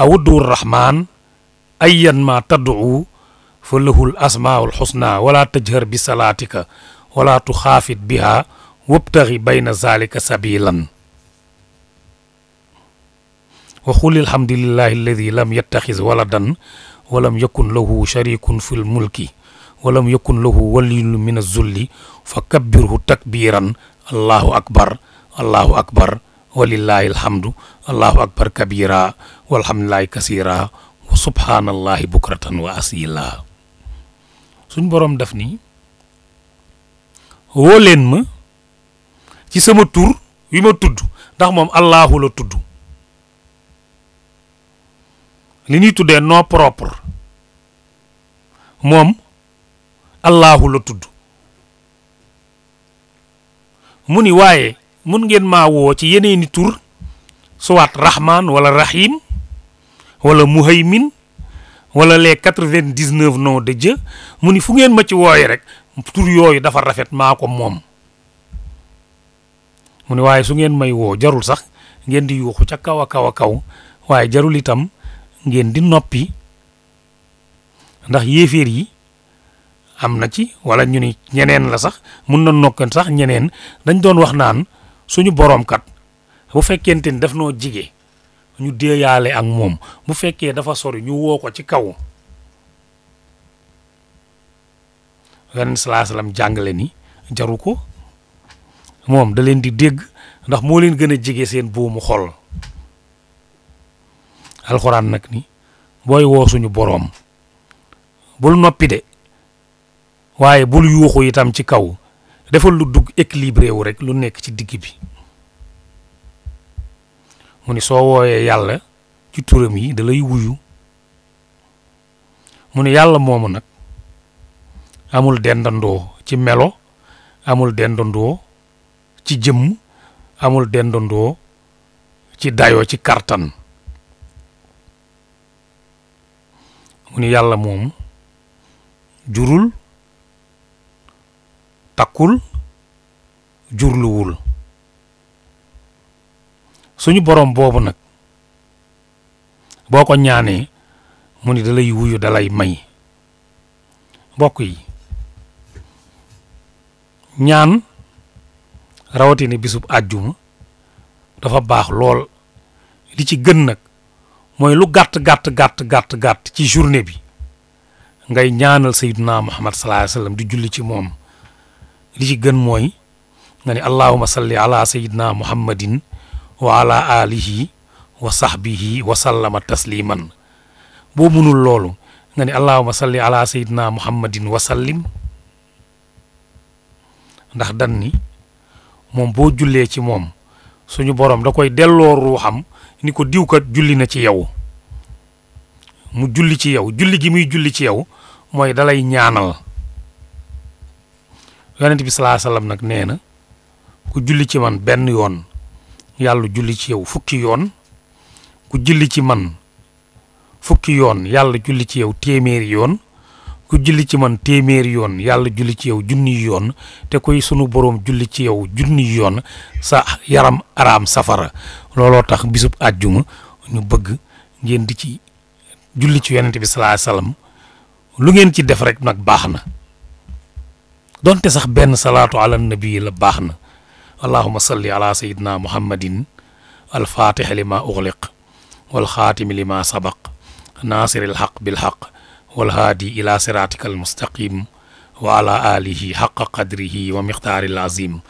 Speaker 6: aw ud'u rahmaan ayyan ma tad'u فله الأسماء الحسنى ولا تجهر بصلاتك ولا تخافت بها وابتغي بين ذلك سبيلا وقل الحمد لله الذي لم يتخذ ولدا ولم يكن له شريك في الملك ولم يكن له ولي من الذل فكبره تكبيرا الله أكبر الله أكبر ولله الحمد الله أكبر كبيرا والحمد لله كثيرا وسبحان الله بكرة وأصيلا suñ boroom daf nii woo leen ma ci sama tur wi ma tudd ndax moom Allahu la tudd li ñuy tuddee nom propre moom Allahu la tudd mu ni waaye mun ngeen maa woo ci yeneeni tur suwaat raxmaan wala rahim wala muhaymin wala les quatre-vingt-dix-neuf noms de jë mu ni fu ngeen ma ci wooye rek tur yooyu dafa rafet maa ko moom mu ni waaye su ngeen may woo jarul sax ngeen di yuuxu ca kaw a kaw a kaw waaye jarul itam ngeen di noppi ndax yéeféer yi am na ci wala ñu ni ñeneen la sax mun na nokkan sax ñeneen dañ doon wax naan suñu boroom kat bu fekkente ni daf noo jigée ñu déeyaale ak moom bu fekkee dafa sori ñu woo ko ci kaw ren salaa salaam jàngale ni jaru ko moom da leen di dégg ndax moo leen gën a jege seen buumu xol alxuraan nag ni booy woo suñu boroom bul noppi de waaye bul yuuxu itam ci kaw defal lu dugg équilibré wu rek lu nekk ci digg bi muni ni soo wooyee yàlla ci turam yi da lay wuyu mu ni yàlla moomu nag amul dendandoo ci melo amul dendandoo ci jëmm amul dendandoo ci dayo ci kartan mu ni yàlla moomu jurul takkul jurluwul suñu borom boobu nag boo ko ñaanee mu ni dalay wuyu dalay may mbokk yi ñaan rawatina bisub àjjuma dafa baax lool li ci gën nag mooy lu gàtt gàtt gàtt gàtt gàtt ci journée bi ngay ñaanal sayyiduna muhammad sallallahu Alaihi wasallam di julli ci moom li ci gën mooy nga allahumma salli ala sayyidina muhammadin wa ala alihi wa sahbihi wa sallama tasliman boo munul loolu nga ne allahuma salli ala sayidina muhammadin wa sallim ndax dan ni moom boo jullee ci moom suñu borom da koy delloo ruuxam ni ko diw ko julli na ci yow mu julli ci yow julli gi muy julli ci yow mooy dalay ñaanal yonent bi sallam nag nee na ku julli ci man benn yoon yàlla julli ci yow fukki yoon ku julli ci man fukki yoon yàlla julli ci yow téeméeri yoon ku julli ci man téeméeri yoon yàlla julli ci yaw junni yoon te koy sunu boroom julli ci yow junni yoon sa yaram araam safara looloo tax bisub àjjuma ñu bëgg ngeen di ci julli ci yonent bi sallallahu alayhi lu ngeen ci def rek nag baax na donte sax benn salaatu ala nabi la baax na اللهم صل على سيدنا محمد الفاتح لما أغلق والخاتم لما سبق ناصر الحق بالحق والهادي إلى صراطك المستقيم وعلى آله حق قدره ومقدار العظيم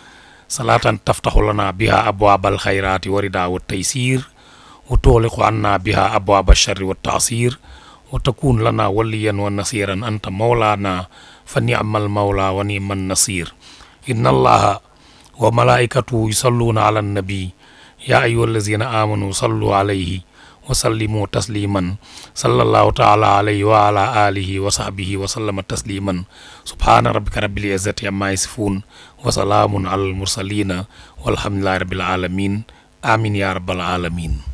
Speaker 6: صلاة تفتح لنا بها أبواب الخيرات ورداء والتيسير وتغلق عنا بها أبواب الشر والتعصير وتكون لنا وليا ونصيرا أنت مولانا فنعم المولى ونعم النصير إن الله وملائكته يصلون على النبي يا أيها الذين آمنوا صلوا عليه وسلموا تسليما صلى الله تعالى عليه وعلى آله وصحبه وسلم تسليما سبحان ربك رب العزة عما يصفون وسلام على المرسلين والحمد لله رب العالمين آمين يا رب العالمين